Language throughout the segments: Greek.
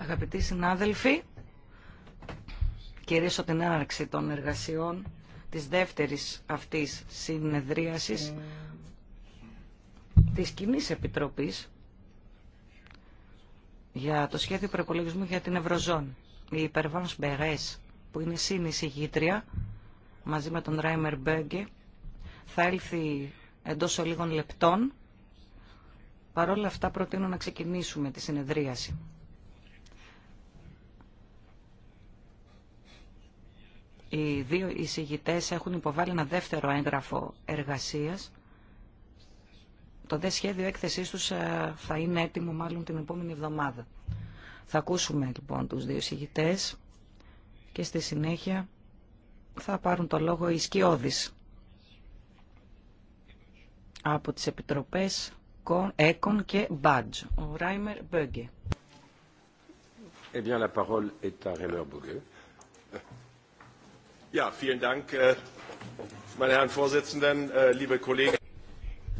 Αγαπητοί συνάδελφοι, κυρίσω την έναρξη των εργασιών της δεύτερης αυτής συνεδρίασης της κοινή Επιτροπής για το σχέδιο προπολογισμού για την Ευρωζώνη. Η Υπερβάνος Μπερές, που είναι συνεισηγήτρια, μαζί με τον Ράιμερ Μπέγκε, θα έλθει εντός ολίγων λεπτών Παρ' όλα αυτά προτείνω να ξεκινήσουμε τη συνεδρίαση. Οι δύο εισηγητές έχουν υποβάλει ένα δεύτερο έγγραφο εργασίας. Το δε σχέδιο έκθεσής τους ε, θα είναι έτοιμο μάλλον την επόμενη εβδομάδα. Θα ακούσουμε λοιπόν τους δύο εισηγητές και στη συνέχεια θα πάρουν το λόγο οι σκιώδεις από τις επιτροπές Έκον και Ο Ράιμερ Μπέγκε. Eh bien, la parole est à Ja, vielen Dank, äh, meine Herren Vorsitzenden, äh, liebe Kollegen.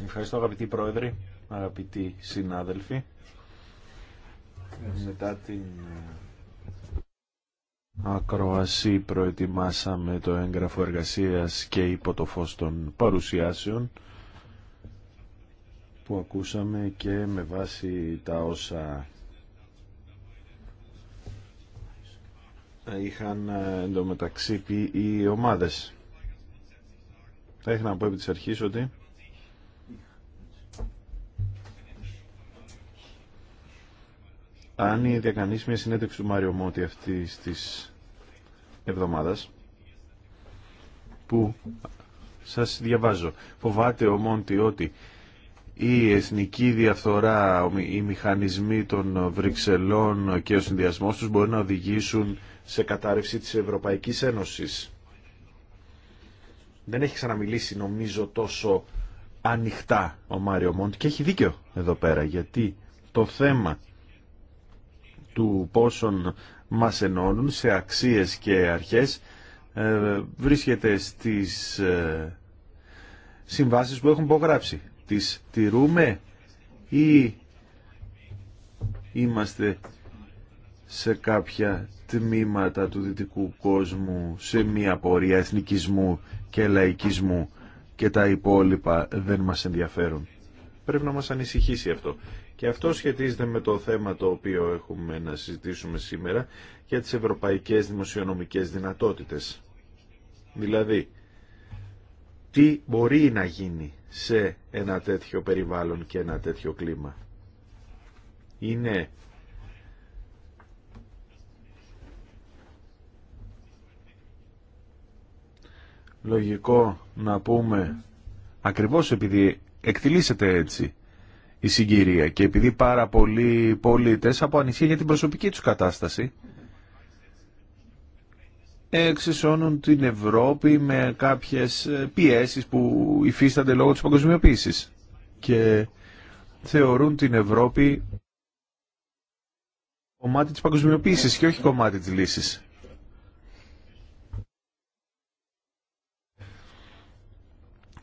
Ευχαριστώ αγαπητοί πρόεδροι, αγαπητοί συνάδελφοι. Μετά ε, προετοιμάσαμε το έγγραφο εργασίας και υπό το φως των παρουσιάσεων που ακούσαμε και με βάση τα όσα είχαν ε, εντωμεταξύ πει οι ομάδες. Θα ήθελα να πω επί της αρχής ότι αν είδε κανείς μια συνέντευξη του Μάριο Μότι αυτή της εβδομάδας που σας διαβάζω φοβάται ο Μόντι ότι η εθνική διαφθορά, οι μηχανισμοί των Βρυξελών και ο συνδυασμός τους μπορεί να οδηγήσουν σε κατάρρευση της Ευρωπαϊκής Ένωσης. Δεν έχει ξαναμιλήσει νομίζω τόσο ανοιχτά ο Μάριο Μόντ και έχει δίκιο εδώ πέρα γιατί το θέμα του πόσων μας ενώνουν σε αξίες και αρχές ε, βρίσκεται στις ε, συμβάσεις που έχουν υπογράψει τις τηρούμε ή είμαστε σε κάποια τμήματα του δυτικού κόσμου σε μια πορεία εθνικισμού και λαϊκισμού και τα υπόλοιπα δεν μας ενδιαφέρουν. Πρέπει να μας ανησυχήσει αυτό. Και αυτό σχετίζεται με το θέμα το οποίο έχουμε να συζητήσουμε σήμερα για τις ευρωπαϊκές δημοσιονομικές δυνατότητες. Δηλαδή, τι μπορεί να γίνει σε ένα τέτοιο περιβάλλον και ένα τέτοιο κλίμα. Είναι λογικό να πούμε ακριβώς επειδή εκτιλήσεται έτσι η συγκυρία και επειδή πάρα πολλοί πολίτες από ανησυχία για την προσωπική τους κατάσταση εξισώνουν την Ευρώπη με κάποιες ε, πιέσεις που υφίστανται λόγω της παγκοσμιοποίησης και θεωρούν την Ευρώπη κομμάτι της παγκοσμιοποίησης και όχι κομμάτι της λύσης.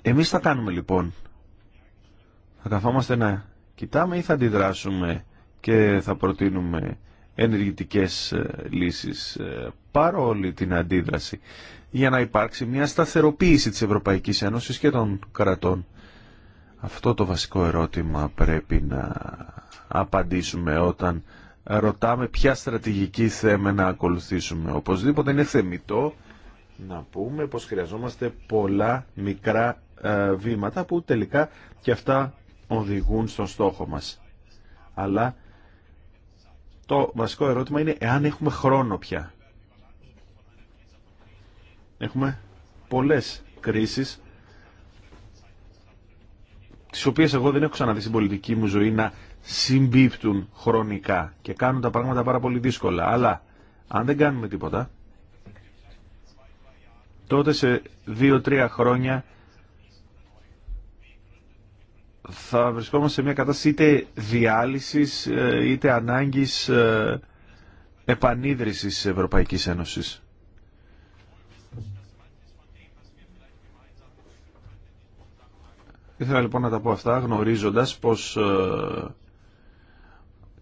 Εμείς θα κάνουμε λοιπόν. Θα καθόμαστε να κοιτάμε ή θα αντιδράσουμε και θα προτείνουμε ενεργητικές ε, λύσεις ε, παρόλη την αντίδραση για να υπάρξει μια σταθεροποίηση της Ευρωπαϊκής Ένωσης και των κρατών. Αυτό το βασικό ερώτημα πρέπει να απαντήσουμε όταν ρωτάμε ποια στρατηγική θέμε να ακολουθήσουμε. Οπωσδήποτε είναι θεμητό να πούμε πως χρειαζόμαστε πολλά μικρά ε, βήματα που τελικά και αυτά οδηγούν στον στόχο μας. Αλλά το βασικό ερώτημα είναι εάν έχουμε χρόνο πια. Έχουμε πολλές κρίσεις τις οποίες εγώ δεν έχω ξαναδεί στην πολιτική μου ζωή να συμπίπτουν χρονικά και κάνουν τα πράγματα πάρα πολύ δύσκολα. Αλλά αν δεν κάνουμε τίποτα, τότε σε δύο-τρία χρόνια θα βρισκόμαστε σε μια κατάσταση είτε διάλυσης ε, είτε ανάγκης ε, επανίδρυσης Ευρωπαϊκής Ένωσης. Ήθελα λοιπόν να τα πω αυτά γνωρίζοντας πως ε,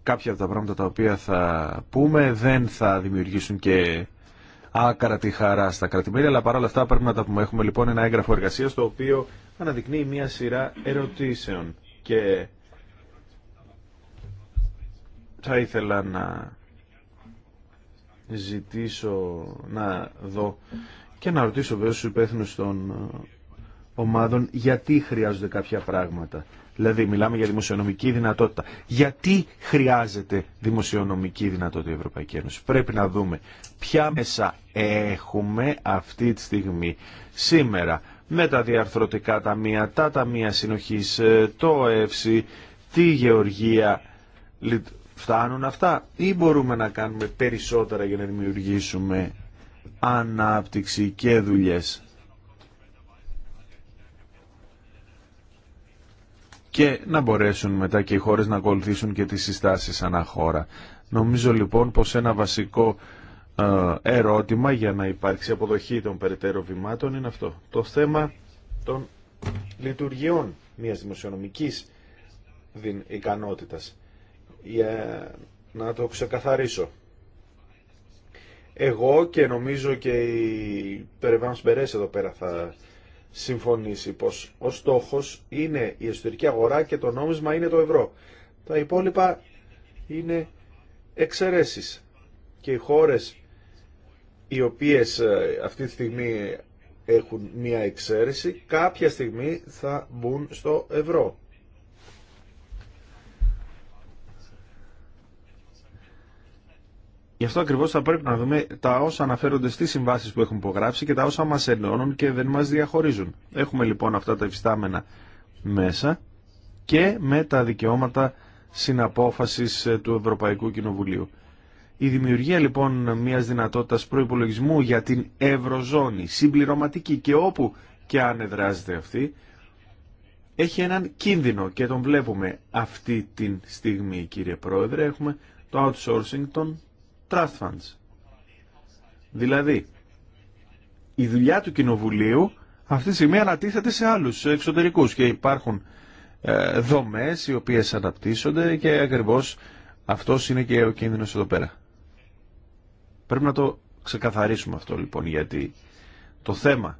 κάποια από τα πράγματα τα οποία θα πούμε δεν θα δημιουργήσουν και άκρα τη χαρά στα κρατημέρια, αλλά παρόλα αυτά πρέπει να τα πούμε. Έχουμε λοιπόν ένα έγγραφο εργασίας το οποίο αναδεικνύει μια σειρά ερωτήσεων και θα ήθελα να ζητήσω να δω και να ρωτήσω βέβαια στους υπεύθυνους των ομάδων γιατί χρειάζονται κάποια πράγματα. Δηλαδή, μιλάμε για δημοσιονομική δυνατότητα. Γιατί χρειάζεται δημοσιονομική δυνατότητα η Ευρωπαϊκή Ένωση. Πρέπει να δούμε ποια μέσα έχουμε αυτή τη στιγμή σήμερα με τα διαρθρωτικά ταμεία, τα ταμεία συνοχής, ε, το ΕΦΣΥ, τη γεωργία. Φτάνουν αυτά ή μπορούμε να κάνουμε περισσότερα για να δημιουργήσουμε ανάπτυξη και δουλειές. και να μπορέσουν μετά και οι χώρες να ακολουθήσουν και τις συστάσεις ανά χώρα. Νομίζω λοιπόν πως ένα βασικό ε, ερώτημα για να υπάρξει αποδοχή των περαιτέρω βημάτων είναι αυτό. Το θέμα των λειτουργιών μιας δημοσιονομικής ικανότητας. Για να το ξεκαθαρίσω. Εγώ και νομίζω και οι περιβάλλοντες εδώ πέρα θα συμφωνήσει πως ο στόχος είναι η εσωτερική αγορά και το νόμισμα είναι το ευρώ. Τα υπόλοιπα είναι εξαιρέσεις και οι χώρες οι οποίες ε, αυτή τη στιγμή έχουν μία εξαίρεση κάποια στιγμή θα μπουν στο ευρώ. Γι' αυτό ακριβώ θα πρέπει να δούμε τα όσα αναφέρονται στι συμβάσει που έχουν υπογράψει και τα όσα μα ενώνουν και δεν μα διαχωρίζουν. Έχουμε λοιπόν αυτά τα υφιστάμενα μέσα και με τα δικαιώματα συναπόφαση ε, του Ευρωπαϊκού Κοινοβουλίου. Η δημιουργία λοιπόν μια δυνατότητα προπολογισμού για την Ευρωζώνη, συμπληρωματική και όπου και αν εδράζεται αυτή, έχει έναν κίνδυνο και τον βλέπουμε αυτή τη στιγμή κύριε Πρόεδρε. Έχουμε το outsourcing των trust funds. Δηλαδή, η δουλειά του Κοινοβουλίου αυτή τη στιγμή ανατίθεται σε άλλους εξωτερικούς και υπάρχουν ε, δομές οι οποίες αναπτύσσονται και ακριβώς αυτός είναι και ο κίνδυνος εδώ πέρα. Πρέπει να το ξεκαθαρίσουμε αυτό λοιπόν γιατί το θέμα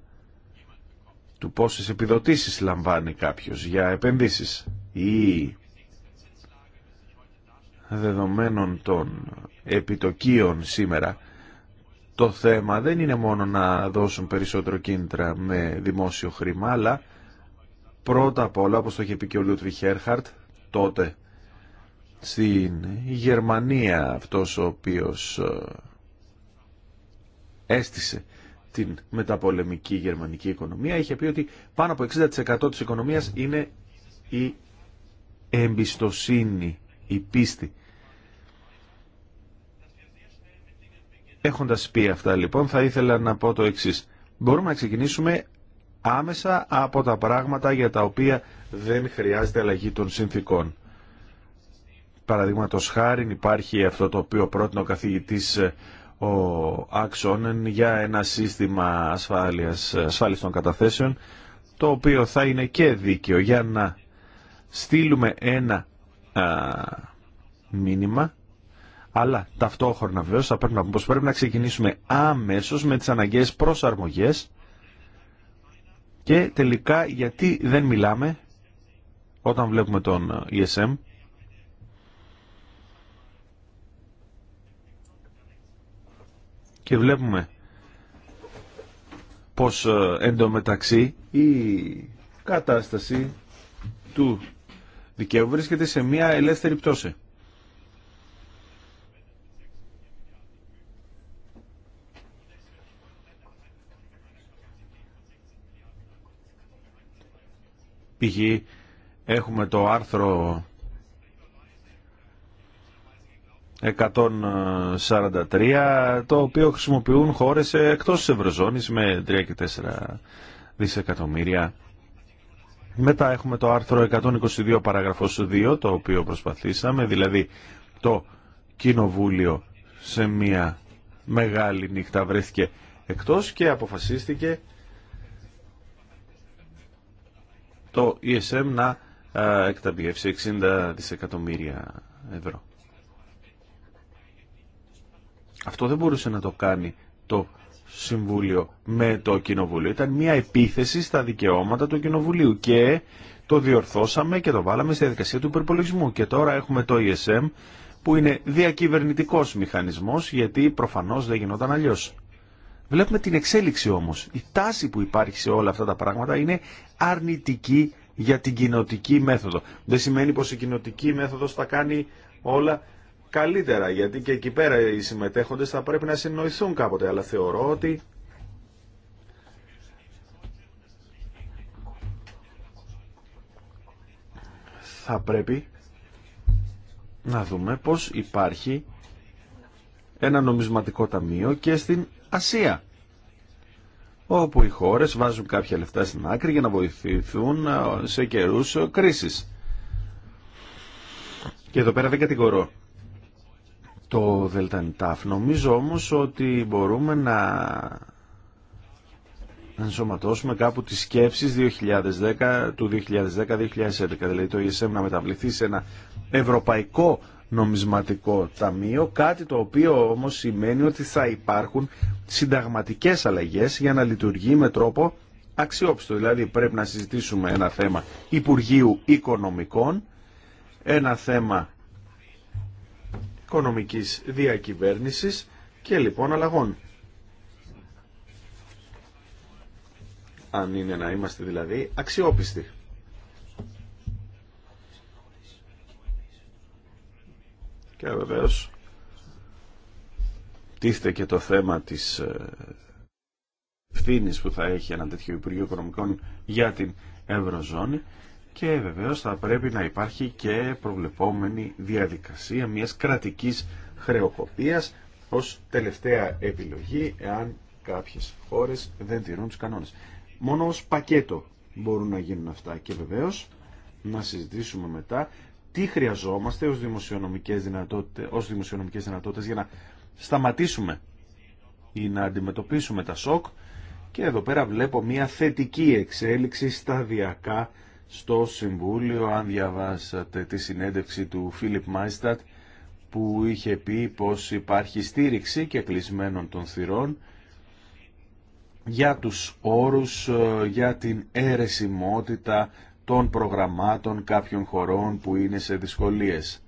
του πόσες επιδοτήσεις λαμβάνει κάποιος για επενδύσεις ή δεδομένων των επιτοκίων σήμερα το θέμα δεν είναι μόνο να δώσουν περισσότερο κίνητρα με δημόσιο χρήμα αλλά πρώτα απ' όλα όπως το είχε πει και ο Λούτβι Χέρχαρτ τότε στην Γερμανία αυτός ο οποίος ε, έστησε την μεταπολεμική γερμανική οικονομία είχε πει ότι πάνω από 60% της οικονομίας είναι η εμπιστοσύνη η πίστη. Έχοντας πει αυτά λοιπόν θα ήθελα να πω το εξής. Μπορούμε να ξεκινήσουμε άμεσα από τα πράγματα για τα οποία δεν χρειάζεται αλλαγή των συνθήκων. Παραδείγματο χάρη υπάρχει αυτό το οποίο πρότεινε ο καθηγητής ε, ο Άξονεν για ένα σύστημα ασφάλειας, ασφάλειας των καταθέσεων το οποίο θα είναι και δίκαιο για να στείλουμε ένα ε, μήνυμα αλλά ταυτόχρονα βέβαια θα πρέπει να πρέπει να ξεκινήσουμε αμέσω με τις αναγκαίε προσαρμογές και τελικά γιατί δεν μιλάμε όταν βλέπουμε τον ESM και βλέπουμε πως ε, εντωμεταξύ η κατάσταση του δικαίου βρίσκεται σε μια ελεύθερη πτώση. Π.χ. έχουμε το άρθρο 143, το οποίο χρησιμοποιούν χώρες εκτός της Ευρωζώνης με 3 και 4 δισεκατομμύρια μετά έχουμε το άρθρο 122 παράγραφος 2, το οποίο προσπαθήσαμε, δηλαδή το κοινοβούλιο σε μια μεγάλη νύχτα βρέθηκε εκτός και αποφασίστηκε το ESM να ε, εκταμπιεύσει 60 δισεκατομμύρια ευρώ. Αυτό δεν μπορούσε να το κάνει το Συμβούλιο με το Κοινοβούλιο. Ήταν μια επίθεση στα δικαιώματα του Κοινοβουλίου και το διορθώσαμε και το βάλαμε στη διαδικασία του υπερπολογισμού. Και τώρα έχουμε το ESM που είναι διακυβερνητικός μηχανισμός γιατί προφανώς δεν γινόταν αλλιώς. Βλέπουμε την εξέλιξη όμως. Η τάση που υπάρχει σε όλα αυτά τα πράγματα είναι αρνητική για την κοινοτική μέθοδο. Δεν σημαίνει πως η κοινοτική μέθοδος θα κάνει όλα καλύτερα, γιατί και εκεί πέρα οι συμμετέχοντες θα πρέπει να συνοηθούν κάποτε, αλλά θεωρώ ότι θα πρέπει να δούμε πως υπάρχει ένα νομισματικό ταμείο και στην Ασία όπου οι χώρες βάζουν κάποια λεφτά στην άκρη για να βοηθηθούν σε καιρούς κρίσης. Και εδώ πέρα δεν κατηγορώ το ΔΕΛΤΑΝΤΑΦ. Νομίζω όμως ότι μπορούμε να ενσωματώσουμε κάπου τις σκέψεις 2010, του 2010-2011, δηλαδή το ESM να μεταβληθεί σε ένα ευρωπαϊκό νομισματικό ταμείο, κάτι το οποίο όμως σημαίνει ότι θα υπάρχουν συνταγματικές αλλαγές για να λειτουργεί με τρόπο αξιόπιστο. Δηλαδή πρέπει να συζητήσουμε ένα θέμα Υπουργείου Οικονομικών, ένα θέμα οικονομικής διακυβέρνησης και λοιπόν αλλαγών. Αν είναι να είμαστε δηλαδή αξιόπιστοι. Και βεβαίω τίθεται και το θέμα της ε, ευθύνη που θα έχει ένα τέτοιο Υπουργείο Οικονομικών για την Ευρωζώνη και βεβαίως θα πρέπει να υπάρχει και προβλεπόμενη διαδικασία μιας κρατικής χρεοκοπίας ως τελευταία επιλογή εάν κάποιες χώρες δεν τηρούν τους κανόνες. Μόνο ως πακέτο μπορούν να γίνουν αυτά και βεβαίως να συζητήσουμε μετά τι χρειαζόμαστε ως δημοσιονομικές δυνατότητες, ως δημοσιονομικές δυνατότητες για να σταματήσουμε ή να αντιμετωπίσουμε τα σοκ και εδώ πέρα βλέπω μια θετική εξέλιξη σταδιακά στο Συμβούλιο, αν διαβάσατε τη συνέντευξη του Φίλιπ Μάιστατ, που είχε πει πως υπάρχει στήριξη και κλεισμένων των θυρών για τους όρους, ε, για την αίρεσιμότητα των προγραμμάτων κάποιων χωρών που είναι σε δυσκολίες.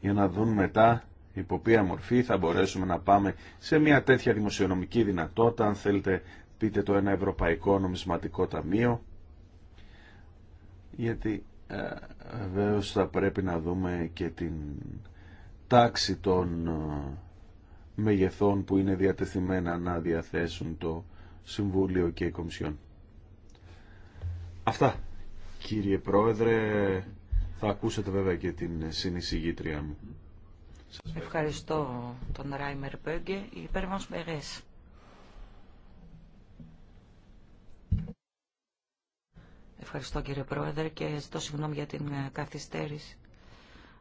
Για να δουν μετά υπό ποια μορφή θα μπορέσουμε να πάμε σε μια τέτοια δημοσιονομική δυνατότητα, αν θέλετε πείτε το ένα Ευρωπαϊκό Νομισματικό Ταμείο γιατί ε, βεβαίω θα πρέπει να δούμε και την τάξη των ε, μεγεθών που είναι διατεθειμένα να διαθέσουν το Συμβούλιο και η Κομισιόν. Αυτά κύριε Πρόεδρε θα ακούσετε βέβαια και την συνεισηγήτρια μου. Ευχαριστώ τον Ράιμερ Μπέγκε. υπέρ μας Ευχαριστώ κύριε Πρόεδρε και ζητώ συγγνώμη για την ε, καθυστέρηση.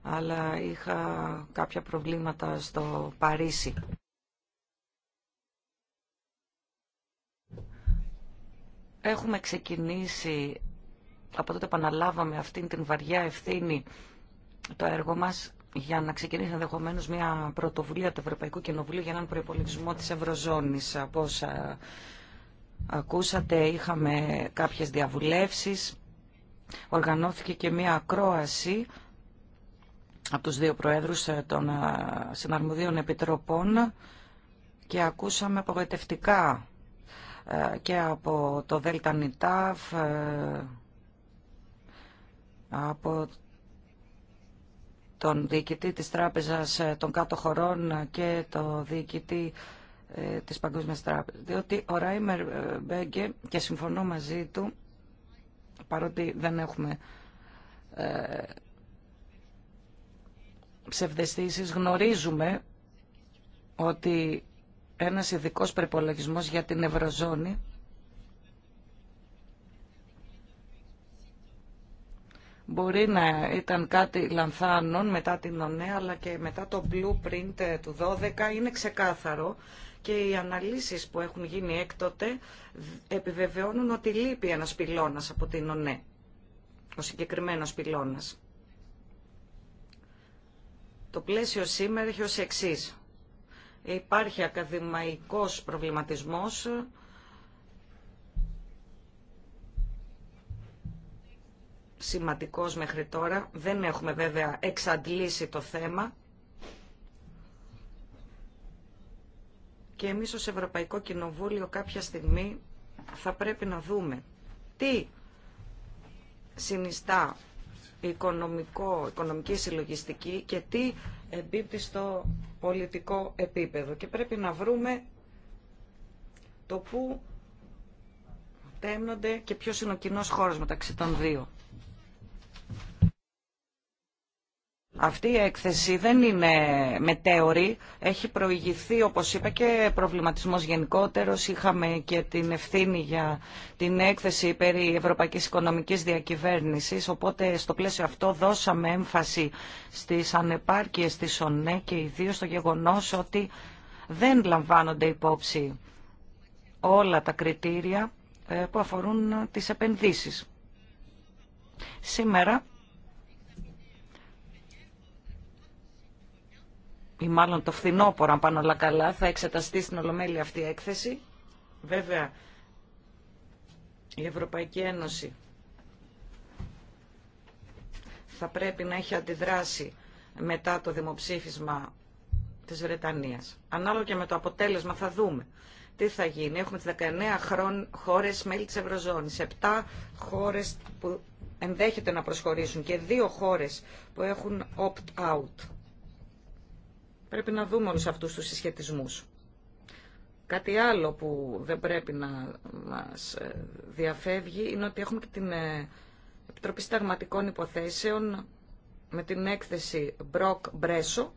Αλλά είχα κάποια προβλήματα στο Παρίσι. Έχουμε ξεκινήσει, από τότε επαναλάβαμε αυτήν την βαριά ευθύνη το έργο μας για να ξεκινήσει ενδεχομένω μια πρωτοβουλία του Ευρωπαϊκού Κοινοβουλίου για έναν προπολογισμό της Ευρωζώνης από Ακούσατε, είχαμε κάποιες διαβουλεύσεις, οργανώθηκε και μία ακρόαση από τους δύο προέδρους ε, των ε, συναρμοδίων επιτροπών και ακούσαμε απογοητευτικά ε, και από το Δέλτα Νιτάφ, από τον διοικητή της Τράπεζας των Κάτω Χωρών και το διοικητή ε, της Παγκόσμιας Τράπεζας. Διότι ο Ράιμερ ε, Μπέγκε, και συμφωνώ μαζί του, παρότι δεν έχουμε ε, ψευδεστήσεις, γνωρίζουμε ότι ένας ειδικός προπολογισμό για την Ευρωζώνη μπορεί να ήταν κάτι λανθάνων μετά την ΟΝΕ αλλά και μετά το blueprint του 12 είναι ξεκάθαρο και οι αναλύσεις που έχουν γίνει έκτοτε επιβεβαιώνουν ότι λείπει ένας πυλώνας από την ΟΝΕ, ο συγκεκριμένος πυλώνας. Το πλαίσιο σήμερα έχει ως εξής. Υπάρχει ακαδημαϊκός προβληματισμός, σημαντικός μέχρι τώρα. Δεν έχουμε βέβαια εξαντλήσει το θέμα. και εμείς ως Ευρωπαϊκό Κοινοβούλιο κάποια στιγμή θα πρέπει να δούμε τι συνιστά οικονομικό, οικονομική συλλογιστική και τι εμπίπτει στο πολιτικό επίπεδο. Και πρέπει να βρούμε το πού τέμνονται και ποιος είναι ο κοινός χώρος μεταξύ των δύο. Αυτή η έκθεση δεν είναι μετέωρη. Έχει προηγηθεί, όπως είπα, και προβληματισμός γενικότερος. Είχαμε και την ευθύνη για την έκθεση περί Ευρωπαϊκής Οικονομικής Διακυβέρνησης. Οπότε, στο πλαίσιο αυτό, δώσαμε έμφαση στις ανεπάρκειες της ΟΝΕ και ιδίως στο γεγονός ότι δεν λαμβάνονται υπόψη όλα τα κριτήρια ε, που αφορούν τις επενδύσεις. Σήμερα ή μάλλον το φθινόπωρο, αν πάνω όλα καλά, θα εξεταστεί στην Ολομέλεια αυτή η έκθεση. Βέβαια, η Ευρωπαϊκή Ένωση θα πρέπει να έχει αντιδράσει μετά το δημοψήφισμα της Βρετανίας. Ανάλογα και με το αποτέλεσμα θα δούμε τι θα γίνει. Έχουμε τις 19 χώρες μέλη της Ευρωζώνης, 7 χώρες που ενδέχεται να προσχωρήσουν και 2 χώρες που έχουν opt-out. Πρέπει να δούμε όλους αυτούς τους συσχετισμούς. Κάτι άλλο που δεν πρέπει να μας ε, διαφεύγει είναι ότι έχουμε και την ε, Επιτροπή Σταγματικών Υποθέσεων με την έκθεση Μπροκ Μπρέσο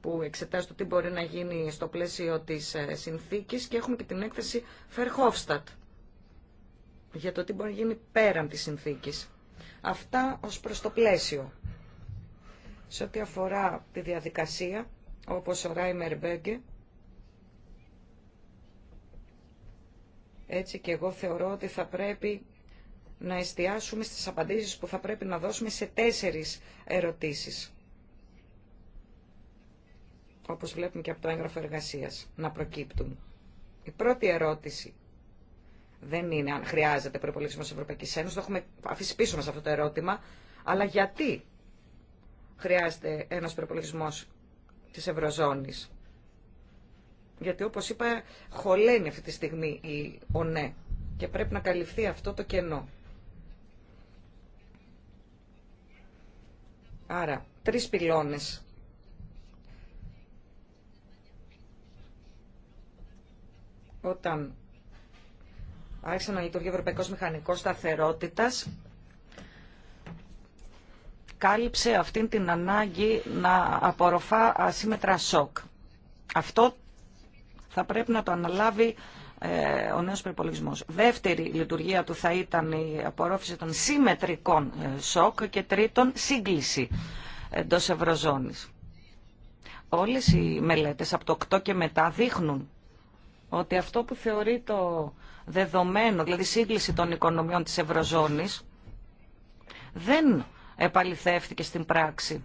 που εξετάζει το τι μπορεί να γίνει στο πλαίσιο της ε, συνθήκης και έχουμε και την έκθεση Φερχόφστατ για το τι μπορεί να γίνει πέραν της συνθήκης. Αυτά ως προς το πλαίσιο. Σε ό,τι αφορά τη διαδικασία, όπως ο Ράιμερ Μπέγκε, έτσι και εγώ θεωρώ ότι θα πρέπει να εστιάσουμε στις απαντήσεις που θα πρέπει να δώσουμε σε τέσσερις ερωτήσεις. Όπως βλέπουμε και από το έγγραφο εργασίας να προκύπτουν. Η πρώτη ερώτηση δεν είναι αν χρειάζεται προπολογισμό τη Ευρωπαϊκή Ένωση. Το έχουμε αφήσει πίσω μα αυτό το ερώτημα. Αλλά γιατί χρειάζεται ένα προπολογισμό τη Ευρωζώνη. Γιατί όπω είπα, χωλαίνει αυτή τη στιγμή η ΟΝΕ ναι και πρέπει να καλυφθεί αυτό το κενό. Άρα, τρεις πυλώνες όταν άρχισε να λειτουργεί ο Ευρωπαϊκό Μηχανικός σταθερότητα κάλυψε αυτήν την ανάγκη να απορροφά ασύμετρα σοκ. Αυτό θα πρέπει να το αναλάβει ε, ο νέος προπολογισμό. Δεύτερη λειτουργία του θα ήταν η απορρόφηση των συμμετρικών ε, σοκ και τρίτον σύγκληση εντό Ευρωζώνης. Όλες οι μελέτες από το 8 και μετά δείχνουν ότι αυτό που θεωρεί το δεδομένο, δηλαδή σύγκληση των οικονομιών της Ευρωζώνης, δεν επαληθεύτηκε στην πράξη.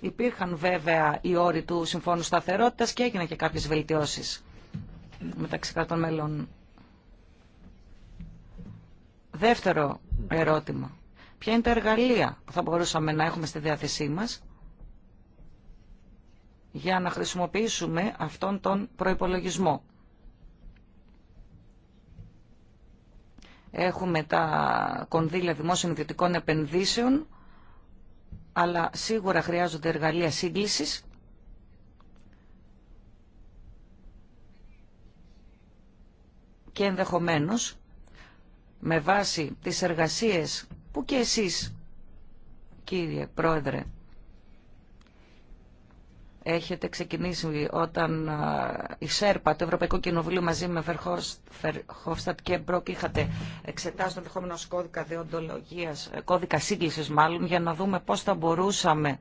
Υπήρχαν βέβαια οι όροι του Συμφώνου Σταθερότητας και έγιναν και κάποιες βελτιώσεις μεταξύ των μελών. Δεύτερο ερώτημα. Ποια είναι τα εργαλεία που θα μπορούσαμε να έχουμε στη διάθεσή μας για να χρησιμοποιήσουμε αυτόν τον προϋπολογισμό. Έχουμε τα κονδύλια δημόσιων ιδιωτικών επενδύσεων, αλλά σίγουρα χρειάζονται εργαλεία σύγκλησης. Και ενδεχομένως, με βάση τις εργασίες που και εσείς, κύριε Πρόεδρε, έχετε ξεκινήσει όταν η ΣΕΡΠΑ, το Ευρωπαϊκό Κοινοβούλιο μαζί με Φερχόφστατ και Μπρόκ είχατε εξετάσει τον ενδεχόμενο κώδικα δεοντολογίας, ε, κώδικα σύγκλησης μάλλον, για να δούμε πώς θα μπορούσαμε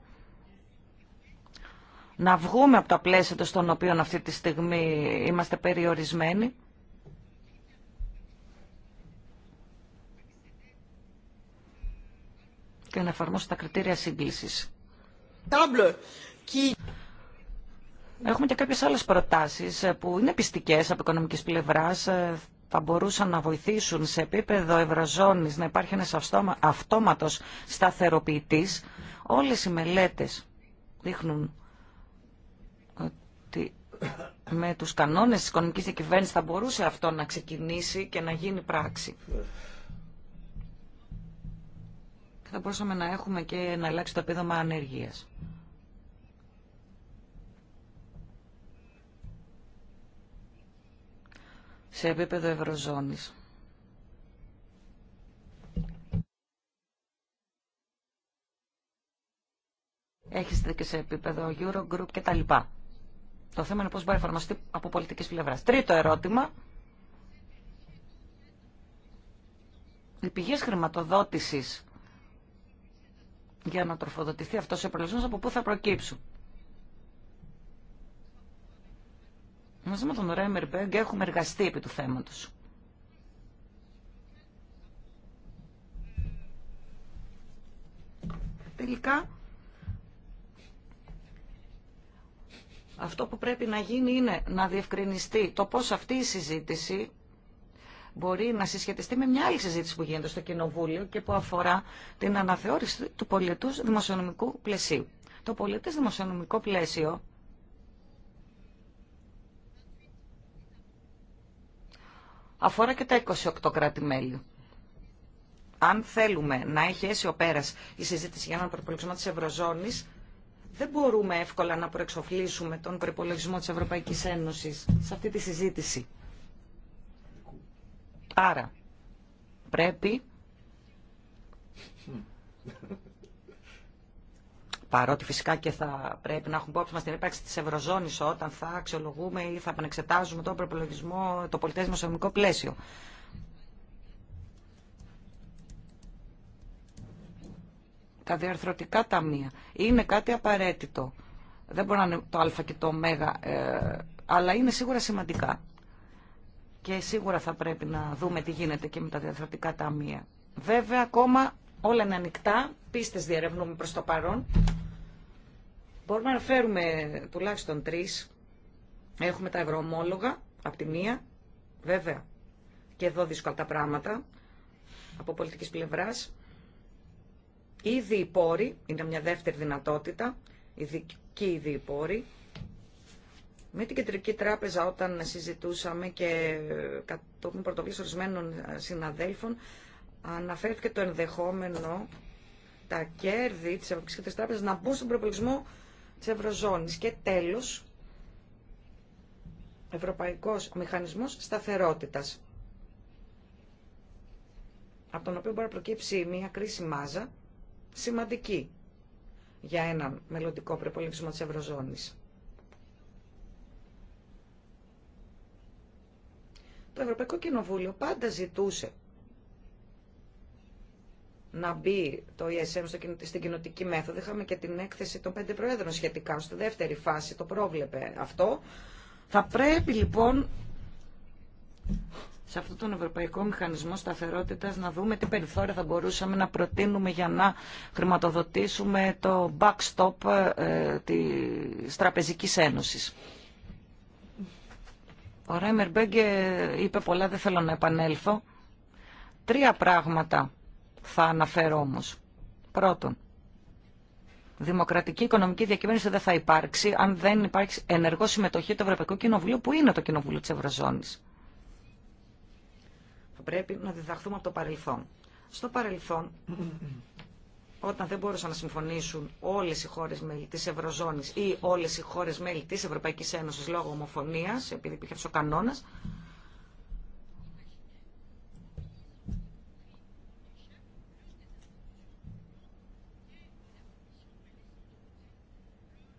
να βγούμε από τα πλαίσια των στον οποίο αυτή τη στιγμή είμαστε περιορισμένοι. και να εφαρμόσουμε τα κριτήρια σύγκλησης. Έχουμε και κάποιες άλλες προτάσεις ε, που είναι πιστικές από οικονομικής πλευράς, ε, θα μπορούσαν να βοηθήσουν σε επίπεδο ευρωζώνης να υπάρχει ένας αυτόματος σταθεροποιητής. Όλες οι μελέτες δείχνουν ότι με τους κανόνες της οικονομικής διακυβέρνησης θα μπορούσε αυτό να ξεκινήσει και να γίνει πράξη. Θα μπορούσαμε να έχουμε και να αλλάξει το επίδομα ανεργίας. σε επίπεδο ευρωζώνης. Έχετε και σε επίπεδο Eurogroup και τα λοιπά. Το θέμα είναι πώς μπορεί να εφαρμοστεί από πολιτικής πλευράς. Τρίτο ερώτημα. Οι πηγές χρηματοδότησης για να τροφοδοτηθεί αυτός ο από πού θα προκύψουν. Μαζί με τον Ρέμερ Μπέγκ έχουμε εργαστεί επί του θέματος. Τελικά, αυτό που πρέπει να γίνει είναι να διευκρινιστεί το πώς αυτή η συζήτηση μπορεί να συσχετιστεί με μια άλλη συζήτηση που γίνεται στο Κοινοβούλιο και που αφορά την αναθεώρηση του πολιτού δημοσιονομικού πλαισίου. Το πολιτές δημοσιονομικό πλαίσιο αφορά και τα 28 κράτη-μέλη. Αν θέλουμε να έχει αίσιο πέρας η συζήτηση για έναν προπολογισμό της Ευρωζώνης, δεν μπορούμε εύκολα να προεξοφλήσουμε τον προπολογισμό της Ευρωπαϊκής Ένωσης σε αυτή τη συζήτηση. Άρα, πρέπει παρότι φυσικά και θα πρέπει να έχουμε υπόψη μα την ύπαρξη τη Ευρωζώνη όταν θα αξιολογούμε ή θα επανεξετάζουμε τον προπολογισμό, το πολιτέ δημοσιονομικό πλαίσιο. Τα διαρθρωτικά ταμεία είναι κάτι απαραίτητο. Δεν μπορεί να είναι το α και το ω, ε, αλλά είναι σίγουρα σημαντικά. Και σίγουρα θα πρέπει να δούμε τι γίνεται και με τα διαρθρωτικά ταμεία. Βέβαια, ακόμα όλα είναι ανοιχτά, πίστες διαρευνούμε προς το παρόν Μπορούμε να φέρουμε τουλάχιστον τρει. Έχουμε τα ευρωομόλογα από τη μία, βέβαια. Και εδώ δύσκολα τα πράγματα από πολιτικής πλευράς. Ήδη οι πόροι είναι μια δεύτερη δυνατότητα, ειδικοί ήδη οι ποροι ειναι μια δευτερη δυνατοτητα ειδικη ηδη οι ποροι Με την Κεντρική Τράπεζα όταν συζητούσαμε και κατόπιν πρωτοβουλίας ορισμένων συναδέλφων αναφέρθηκε το ενδεχόμενο τα κέρδη της Ευρωπαϊκής Τράπεζας να μπουν στον προπολογισμό της Ευρωζώνης. Και τέλος, Ευρωπαϊκός Μηχανισμός Σταθερότητας, από τον οποίο μπορεί να προκύψει μια κρίση μάζα σημαντική για ένα μελλοντικό προπολογισμό της Ευρωζώνης. Το Ευρωπαϊκό Κοινοβούλιο πάντα ζητούσε να μπει το ESM στην κοινοτική μέθοδο. Είχαμε και την έκθεση των πέντε προέδρων σχετικά, στη δεύτερη φάση το πρόβλεπε αυτό. Θα πρέπει λοιπόν σε αυτόν τον Ευρωπαϊκό Μηχανισμό Σταθερότητας να δούμε τι περιθώρια θα μπορούσαμε να προτείνουμε για να χρηματοδοτήσουμε το backstop ε, της Τραπεζικής Ένωσης. Ο Ρέμερ Μπέγκε είπε πολλά, δεν θέλω να επανέλθω. Τρία πράγματα θα αναφέρω όμως. Πρώτον, δημοκρατική οικονομική διακυβέρνηση δεν θα υπάρξει αν δεν υπάρξει ενεργό συμμετοχή του Ευρωπαϊκού Κοινοβουλίου που είναι το Κοινοβούλιο της Ευρωζώνης. Θα πρέπει να διδαχθούμε από το παρελθόν. Στο παρελθόν, όταν δεν μπορούσαν να συμφωνήσουν όλες οι χώρες μέλη της Ευρωζώνης ή όλες οι χώρες μέλη της Ευρωπαϊκής Ένωσης λόγω ομοφωνίας, επειδή υπήρχε ο κανόνας,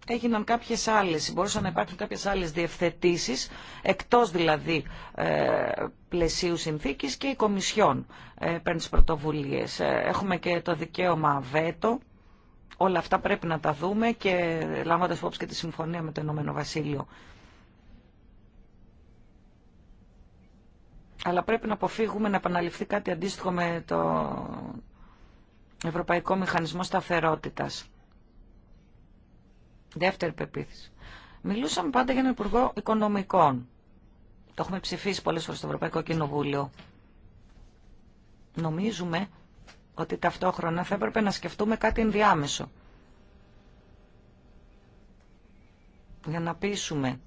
έγιναν κάποιες άλλες, μπορούσαν να υπάρχουν κάποιες άλλες διευθετήσεις, εκτός δηλαδή ε, πλαισίου συνθήκης και η Κομισιόν ε, παίρνει τις πρωτοβουλίες. Ε, έχουμε και το δικαίωμα βέτο, όλα αυτά πρέπει να τα δούμε και λάμβοντας υπόψη και τη συμφωνία με το Ηνωμένο Βασίλειο. Αλλά πρέπει να αποφύγουμε να επαναληφθεί κάτι αντίστοιχο με το Ευρωπαϊκό Μηχανισμό Σταθερότητας. Δεύτερη πεποίθηση. Μιλούσαμε πάντα για έναν Υπουργό Οικονομικών. Το έχουμε ψηφίσει πολλές φορές στο Ευρωπαϊκό Κοινοβούλιο. Νομίζουμε ότι ταυτόχρονα θα έπρεπε να σκεφτούμε κάτι ενδιάμεσο. Για να πείσουμε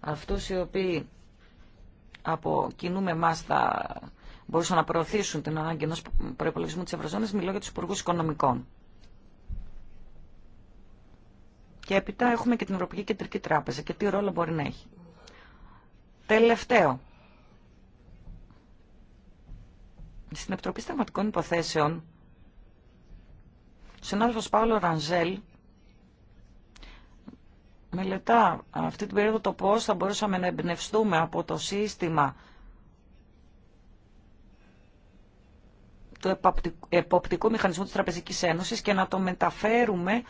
αυτούς οι οποίοι από κοινού με εμάς θα μπορούσαν να προωθήσουν την ανάγκη ενός προϋπολογισμού της Ευρωζώνης, μιλώ για τους Υπουργούς Οικονομικών. Και έπειτα έχουμε και την Ευρωπαϊκή Κεντρική Τράπεζα και τι ρόλο μπορεί να έχει. Τελευταίο. Στην Επιτροπή Σταγματικών Υποθέσεων, ο συνάδελφος Παύλο Ρανζέλ μελετά αυτή την περίοδο το πώς θα μπορούσαμε να εμπνευστούμε από το σύστημα του εποπτικού μηχανισμού της Τραπεζικής Ένωσης και να το μεταφέρουμε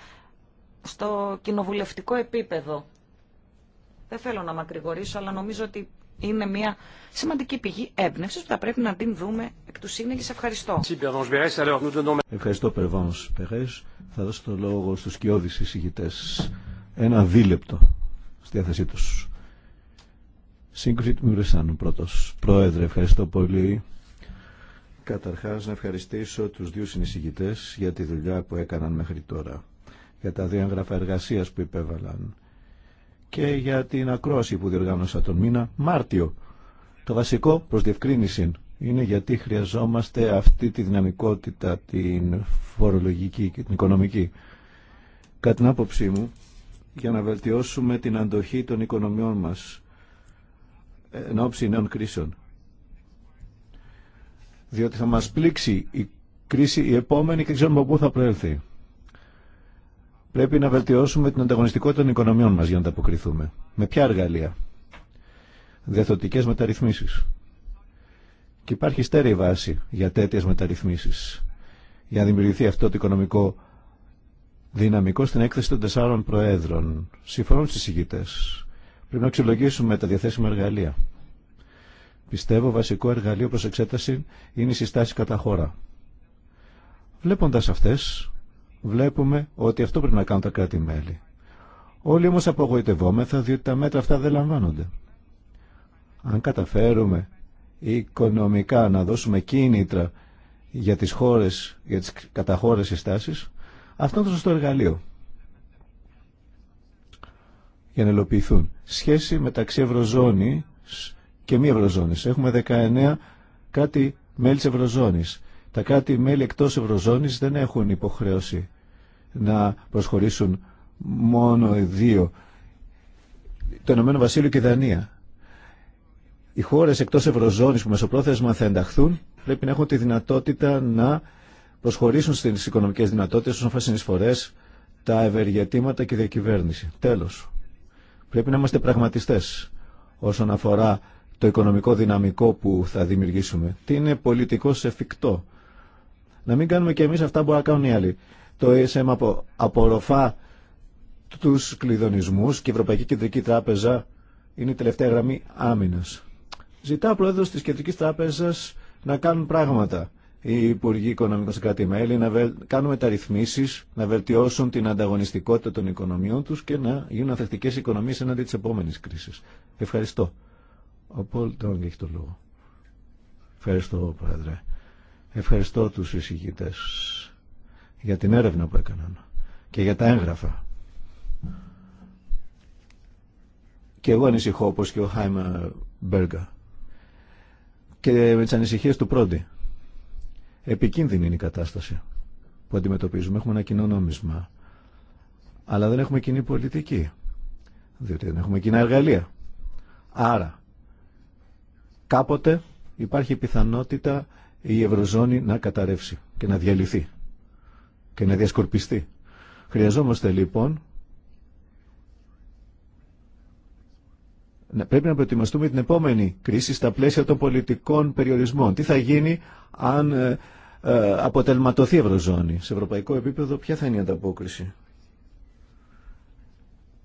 στο κοινοβουλευτικό επίπεδο. Δεν θέλω να μακρηγορήσω, αλλά νομίζω ότι είναι μια σημαντική πηγή έμπνευση που θα πρέπει να την δούμε εκ του σύνεγγυ. Ευχαριστώ. Ευχαριστώ, Περβάνο Περέ. Θα δώσω το λόγο στου κοιόδη εισηγητέ. Ένα δίλεπτο στη διάθεσή του. Σύγκριτ Μουρεσάνου πρώτο. Πρόεδρε, ευχαριστώ πολύ. Καταρχά, να ευχαριστήσω του δύο συνεισηγητέ για τη δουλειά που έκαναν μέχρι τώρα για τα δύο έγγραφα εργασία που υπέβαλαν και για την ακρόαση που διοργάνωσα τον μήνα Μάρτιο. Το βασικό προς διευκρίνηση είναι γιατί χρειαζόμαστε αυτή τη δυναμικότητα την φορολογική και την οικονομική. Κατά την άποψή μου, για να βελτιώσουμε την αντοχή των οικονομιών μας εν ώψη νέων κρίσεων. Διότι θα μας πλήξει η κρίση η επόμενη και ξέρουμε πού θα προέλθει. Πρέπει να βελτιώσουμε την ανταγωνιστικότητα των οικονομιών μα για να τα Με ποια εργαλεία. Διαθωτικέ μεταρρυθμίσει. Και υπάρχει στέρεη βάση για τέτοιε μεταρρυθμίσει, Για να δημιουργηθεί αυτό το οικονομικό δυναμικό στην έκθεση των τεσσάρων προέδρων. Συμφωνώ στι ηγητές. Πρέπει να αξιολογήσουμε τα διαθέσιμα εργαλεία. Πιστεύω βασικό εργαλείο προς εξέταση είναι η συστάση κατά χώρα. Βλέποντα αυτέ, βλέπουμε ότι αυτό πρέπει να κάνουν τα κράτη-μέλη. Όλοι όμως απογοητευόμεθα διότι τα μέτρα αυτά δεν λαμβάνονται. Αν καταφέρουμε οικονομικά να δώσουμε κίνητρα για τις χώρες, για τις καταχώρες συστάσεις, αυτό είναι το σωστό εργαλείο για να ελοποιηθούν. Σχέση μεταξύ Ευρωζώνης και μη Ευρωζώνης. Έχουμε 19 κάτι μέλη της Ευρωζώνης. Τα κράτη-μέλη εκτός Ευρωζώνης δεν έχουν υποχρέωση να προσχωρήσουν μόνο δύο. Το Ηνωμένο Βασίλειο και η Δανία. Οι χώρες εκτός Ευρωζώνης που μεσοπρόθεσμα θα ενταχθούν πρέπει να έχουν τη δυνατότητα να προσχωρήσουν στις οικονομικές δυνατότητες όσον αφορά συνεισφορές, τα ευεργετήματα και η διακυβέρνηση. Τέλος, πρέπει να είμαστε πραγματιστές όσον αφορά το οικονομικό δυναμικό που θα δημιουργήσουμε. Τι είναι πολιτικώ εφικτό να μην κάνουμε και εμείς αυτά που να κάνουν οι άλλοι. Το ESM ε απο, απορροφά τους κλειδονισμούς και η Ευρωπαϊκή Κεντρική Τράπεζα είναι η τελευταία γραμμή άμυνας. Ζητά ο Πρόεδρος της Κεντρικής Τράπεζας να κάνουν πράγματα οι Υπουργοί Οικονομικών σε κράτη-μέλη, να κάνουν μεταρρυθμίσει, να βελτιώσουν την ανταγωνιστικότητα των οικονομιών του και να γίνουν ανθεκτικέ οικονομίε έναντι τη επόμενη κρίση. Ευχαριστώ. Ο Πολ Τόγκ έχει το λόγο. Ευχαριστώ, Πρόεδρε. Ευχαριστώ τους εισηγητές για την έρευνα που έκαναν και για τα έγγραφα. Και εγώ ανησυχώ όπως και ο Χάιμα Μπέργκα Και με τι ανησυχίε του πρώτη. Επικίνδυνη είναι η κατάσταση που αντιμετωπίζουμε. Έχουμε ένα κοινό νόμισμα. Αλλά δεν έχουμε κοινή πολιτική. Διότι δεν έχουμε κοινά εργαλεία. Άρα, κάποτε υπάρχει πιθανότητα η Ευρωζώνη να καταρρεύσει και να διαλυθεί και να διασκορπιστεί. Χρειαζόμαστε λοιπόν να πρέπει να προετοιμαστούμε την επόμενη κρίση στα πλαίσια των πολιτικών περιορισμών. Τι θα γίνει αν ε, ε, αποτελματωθεί η Ευρωζώνη σε ευρωπαϊκό επίπεδο, ποια θα είναι η ανταπόκριση.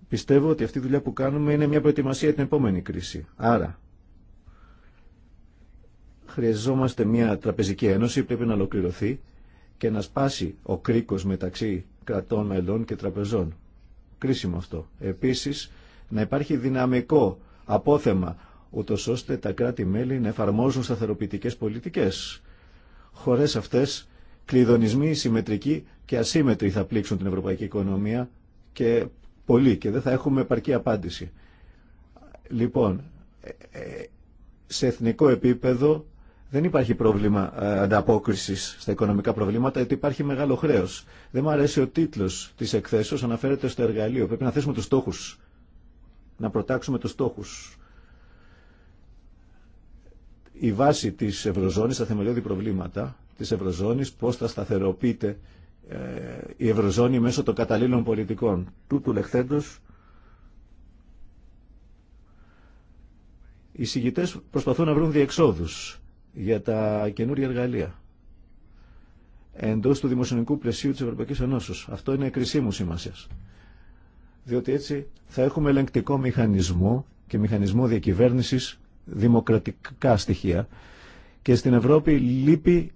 Πιστεύω ότι αυτή η δουλειά που κάνουμε είναι μια προετοιμασία για την επόμενη κρίση. Άρα, χρειαζόμαστε μια τραπεζική ένωση που πρέπει να ολοκληρωθεί και να σπάσει ο κρίκος μεταξύ κρατών μελών και τραπεζών. Κρίσιμο αυτό. Επίσης, να υπάρχει δυναμικό απόθεμα, ούτως ώστε τα κράτη-μέλη να εφαρμόζουν σταθεροποιητικές πολιτικές. Χωρές αυτές, κλειδονισμοί συμμετρικοί και ασύμμετροι θα πλήξουν την ευρωπαϊκή οικονομία και πολύ και δεν θα έχουμε επαρκή απάντηση. Λοιπόν, ε, ε, σε εθνικό επίπεδο δεν υπάρχει πρόβλημα ε, ανταπόκριση στα οικονομικά προβλήματα, γιατί υπάρχει μεγάλο χρέο. Δεν μου αρέσει ο τίτλο τη εκθέσεω, αναφέρεται στο εργαλείο. Πρέπει να θέσουμε του στόχου. Να προτάξουμε του στόχου. Η βάση τη Ευρωζώνη, τα θεμελιώδη προβλήματα τη Ευρωζώνη, πώ θα σταθεροποιείται ε, η Ευρωζώνη μέσω των καταλήλων πολιτικών. Τούτου λεχθέντο. Οι συγητές προσπαθούν να βρουν διεξόδους για τα καινούργια εργαλεία εντός του δημοσιονομικού πλαισίου της Ευρωπαϊκής Ενώσεω. Αυτό είναι κρισίμου σημασία. Διότι έτσι θα έχουμε ελεγκτικό μηχανισμό και μηχανισμό διακυβέρνησης δημοκρατικά στοιχεία. Και στην Ευρώπη λείπει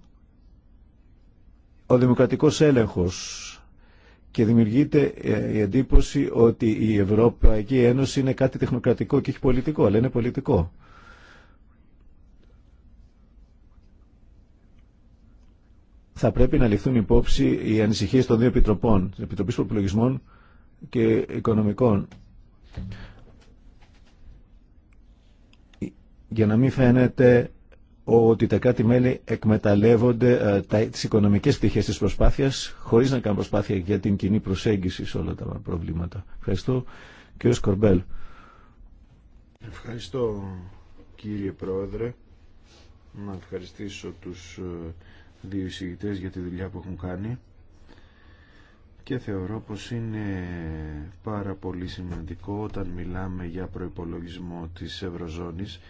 ο δημοκρατικός έλεγχος και δημιουργείται ε, η εντύπωση ότι η Ευρωπαϊκή Ένωση είναι κάτι τεχνοκρατικό και έχει πολιτικό, αλλά είναι πολιτικό. θα πρέπει να ληφθούν υπόψη οι ανησυχίε των δύο επιτροπών, της Επιτροπής Προπολογισμών και Οικονομικών. Για να μην φαίνεται ότι τα κάτι μέλη εκμεταλλεύονται ε, τα, τις οικονομικές πτυχές της προσπάθειας χωρίς να κάνουν προσπάθεια για την κοινή προσέγγιση σε όλα τα προβλήματα. Ευχαριστώ. Κύριο Σκορμπέλ. Ευχαριστώ κύριε Πρόεδρε. Να ευχαριστήσω τους ε, δύο εισηγητές για τη δουλειά που έχουν κάνει και θεωρώ πως είναι πάρα πολύ σημαντικό όταν μιλάμε για προϋπολογισμό της Ευρωζώνης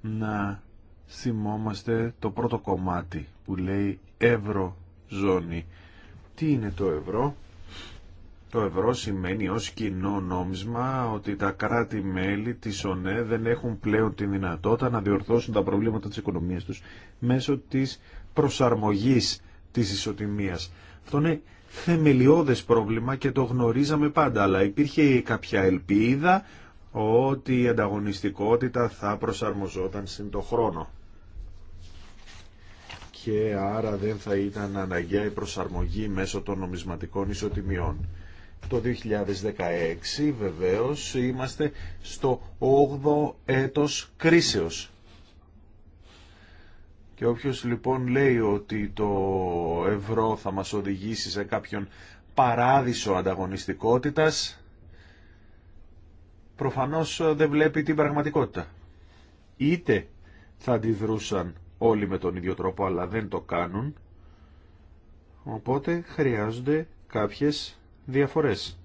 να θυμόμαστε το πρώτο κομμάτι που λέει Ευρωζώνη. Τι είναι το ευρώ? Το ευρώ σημαίνει ως κοινό νόμισμα ότι τα κράτη-μέλη της ΟΝΕ δεν έχουν πλέον τη δυνατότητα να διορθώσουν τα προβλήματα της οικονομίας τους μέσω της προσαρμογής της ισοτιμίας. Αυτό είναι θεμελιώδες πρόβλημα και το γνωρίζαμε πάντα, αλλά υπήρχε κάποια ελπίδα ότι η ανταγωνιστικότητα θα προσαρμοζόταν συν το χρόνο. Και άρα δεν θα ήταν αναγκαία η προσαρμογή μέσω των νομισματικών ισοτιμιών. Το 2016 βεβαίως είμαστε στο 8ο έτος κρίσεως και όποιος λοιπόν λέει ότι το ευρώ θα μας οδηγήσει σε κάποιον παράδεισο ανταγωνιστικότητας, προφανώς δεν βλέπει την πραγματικότητα. Είτε θα αντιδρούσαν όλοι με τον ίδιο τρόπο, αλλά δεν το κάνουν, οπότε χρειάζονται κάποιες διαφορές.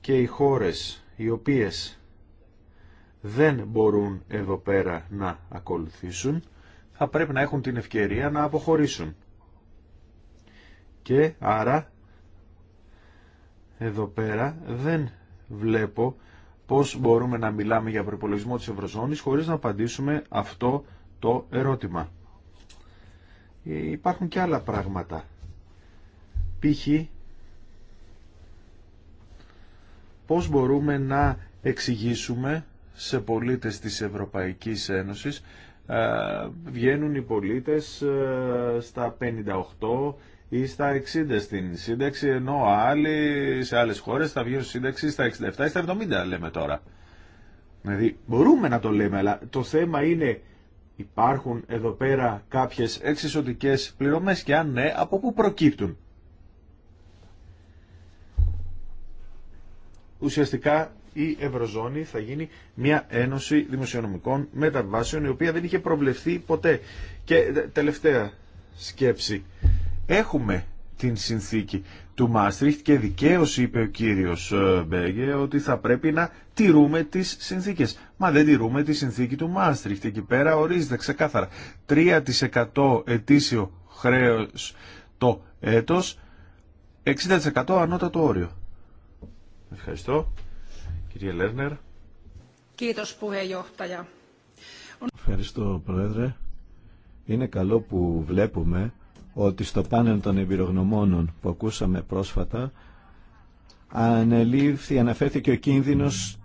Και οι χώρες οι οποίες δεν μπορούν εδώ πέρα να ακολουθήσουν, θα πρέπει να έχουν την ευκαιρία να αποχωρήσουν. Και άρα εδώ πέρα δεν βλέπω πώς μπορούμε να μιλάμε για προπολογισμό της Ευρωζώνης χωρίς να απαντήσουμε αυτό το ερώτημα. Ε, υπάρχουν και άλλα πράγματα. Π.χ. πώς μπορούμε να εξηγήσουμε σε πολίτες της Ευρωπαϊκής Ένωσης ε, βγαίνουν οι πολίτες ε, στα 58 ή στα 60 στην σύνταξη, ενώ άλλοι σε άλλες χώρες θα βγαίνουν σύνταξη στα 67 ή στα 70 λέμε τώρα. Δηλαδή μπορούμε να το λέμε, αλλά το θέμα είναι υπάρχουν εδώ πέρα κάποιες εξισωτικές πληρωμές και αν ναι, από πού προκύπτουν. Ουσιαστικά η Ευρωζώνη θα γίνει μια ένωση δημοσιονομικών μεταβάσεων η οποία δεν είχε προβλεφθεί ποτέ. Και τελευταία σκέψη. Έχουμε την συνθήκη του Μάστριχτ και δικαίω είπε ο κύριος ε, Μπέγε ότι θα πρέπει να τηρούμε τις συνθήκες. Μα δεν τηρούμε τη συνθήκη του Μάστριχτ. Εκεί πέρα ορίζεται ξεκάθαρα 3% ετήσιο χρέος το έτος, 60% ανώτατο όριο. Ευχαριστώ. Ευχαριστώ, Πρόεδρε. Είναι καλό που βλέπουμε ότι στο πάνελ των εμπειρογνωμόνων που ακούσαμε πρόσφατα ανελήφθη, αναφέρθηκε ο κίνδυνος,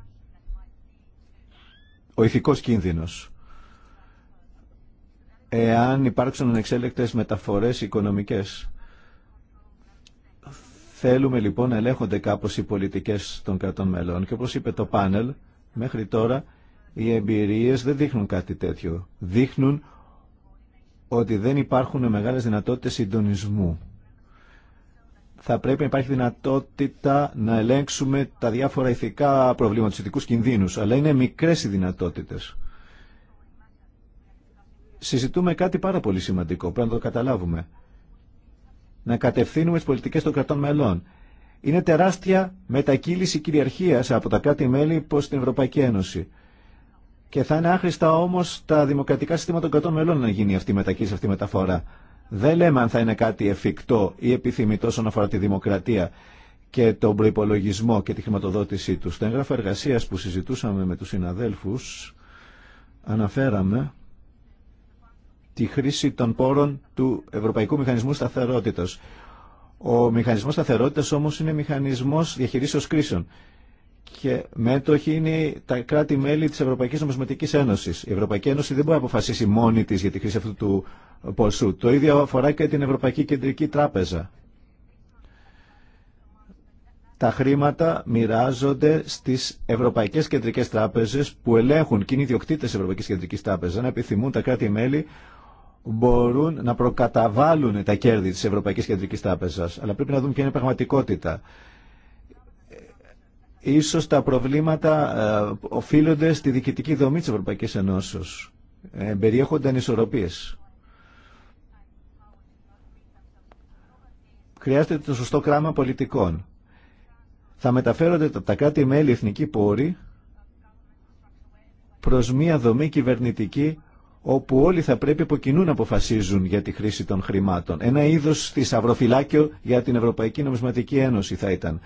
ο ηθικός κίνδυνος. Εάν υπάρξουν ανεξέλεκτες μεταφορές οικονομικές Θέλουμε λοιπόν να ελέγχονται κάπως οι πολιτικές των κρατών μελών και όπως είπε το πάνελ, μέχρι τώρα οι εμπειρίες δεν δείχνουν κάτι τέτοιο. Δείχνουν ότι δεν υπάρχουν μεγάλες δυνατότητες συντονισμού. Θα πρέπει να υπάρχει δυνατότητα να ελέγξουμε τα διάφορα ηθικά προβλήματα, του ηθικούς κινδύνους, αλλά είναι μικρές οι δυνατότητες. Συζητούμε κάτι πάρα πολύ σημαντικό, πρέπει να το καταλάβουμε να κατευθύνουμε τι πολιτικέ των κρατών μελών. Είναι τεράστια μετακύληση κυριαρχία από τα κράτη-μέλη προ την Ευρωπαϊκή Ένωση. Και θα είναι άχρηστα όμω τα δημοκρατικά συστήματα των κρατών μελών να γίνει αυτή η μετακύληση, αυτή η μεταφορά. Δεν λέμε αν θα είναι κάτι εφικτό ή επιθυμητό όσον αφορά τη δημοκρατία και τον προπολογισμό και τη χρηματοδότησή του. Στο έγγραφο εργασία που συζητούσαμε με του συναδέλφου, αναφέραμε τη χρήση των πόρων του Ευρωπαϊκού Μηχανισμού Σταθερότητας. Ο μηχανισμός σταθερότητας όμως είναι μηχανισμός διαχειρίσεως κρίσεων και μέτοχοι είναι τα κράτη-μέλη της Ευρωπαϊκής Νομισματικής Ένωσης. Η Ευρωπαϊκή Ένωση δεν μπορεί να αποφασίσει μόνη της για τη χρήση αυτού του ποσού. Το ίδιο αφορά και την Ευρωπαϊκή Κεντρική Τράπεζα. Τα χρήματα μοιράζονται στις Ευρωπαϊκές Κεντρικές Τράπεζες που ελέγχουν και είναι ιδιοκτήτες Ευρωπαϊκής Κεντρικής Τράπεζας να επιθυμούν τα κράτη-μέλη μπορούν να προκαταβάλουν τα κέρδη της Ευρωπαϊκής Κεντρικής Τράπεζας. Αλλά πρέπει να δούμε ποια είναι η πραγματικότητα. Ίσως τα προβλήματα ε, οφείλονται στη διοικητική δομή της Ευρωπαϊκής Ενώσεως. Ε, περιέχονται ανισορροπίες. Χρειάζεται το σωστό κράμα πολιτικών. Θα μεταφέρονται τα κράτη-μέλη εθνικοί πόροι προς μία δομή κυβερνητική όπου όλοι θα πρέπει από κοινού να αποφασίζουν για τη χρήση των χρημάτων. Ένα είδος θησαυροφυλάκιο για την Ευρωπαϊκή Νομισματική Ένωση θα ήταν.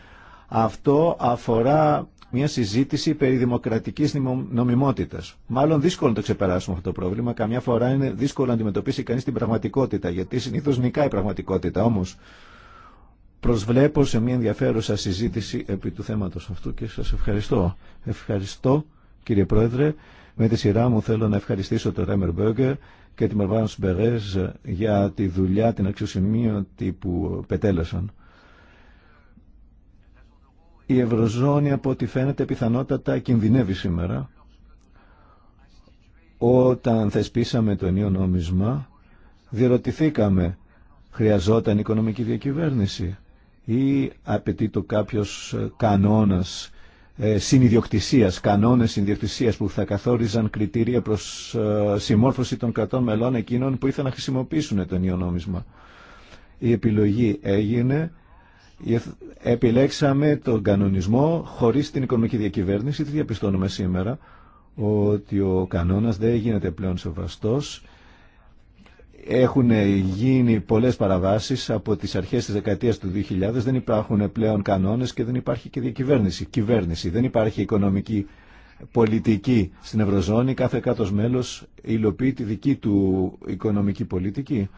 Αυτό αφορά μια συζήτηση περί δημοκρατικής νομιμότητας. Μάλλον δύσκολο να το ξεπεράσουμε αυτό το πρόβλημα. Καμιά φορά είναι δύσκολο να αντιμετωπίσει κανείς την πραγματικότητα, γιατί συνήθως νικάει η πραγματικότητα. Όμως προσβλέπω σε μια ενδιαφέρουσα συζήτηση επί του θέματος αυτού και σας ευχαριστώ. Ευχαριστώ κύριε Πρόεδρε. Με τη σειρά μου θέλω να ευχαριστήσω τον Ρέμερ Μπέργκερ και τη Μαρβάν Σμπερέζ για τη δουλειά, την αξιοσημείωτη που πετέλεσαν. Η Ευρωζώνη από ό,τι φαίνεται πιθανότατα κινδυνεύει σήμερα. Όταν θεσπίσαμε το ενίο νόμισμα, διερωτηθήκαμε χρειαζόταν οικονομική διακυβέρνηση ή απαιτεί το κάποιος κανόνας ε, συνειδιοκτησίας, κανόνες συνειδιοκτησίας που θα καθόριζαν κριτήρια προς ε, συμμόρφωση των κρατών μελών εκείνων που ήθελαν να χρησιμοποιήσουν το νόμισμα. Η επιλογή έγινε, επιλέξαμε τον κανονισμό χωρίς την οικονομική διακυβέρνηση, τι διαπιστώνουμε σήμερα, ότι ο κανόνας δεν γίνεται πλέον σεβαστός έχουν γίνει πολλές παραβάσεις από τις αρχές της δεκαετίας του 2000, δεν υπάρχουν πλέον κανόνες και δεν υπάρχει και διακυβέρνηση. Κυβέρνηση. Δεν υπάρχει οικονομική πολιτική στην Ευρωζώνη. Κάθε κάτος μέλος υλοποιεί τη δική του οικονομική πολιτική.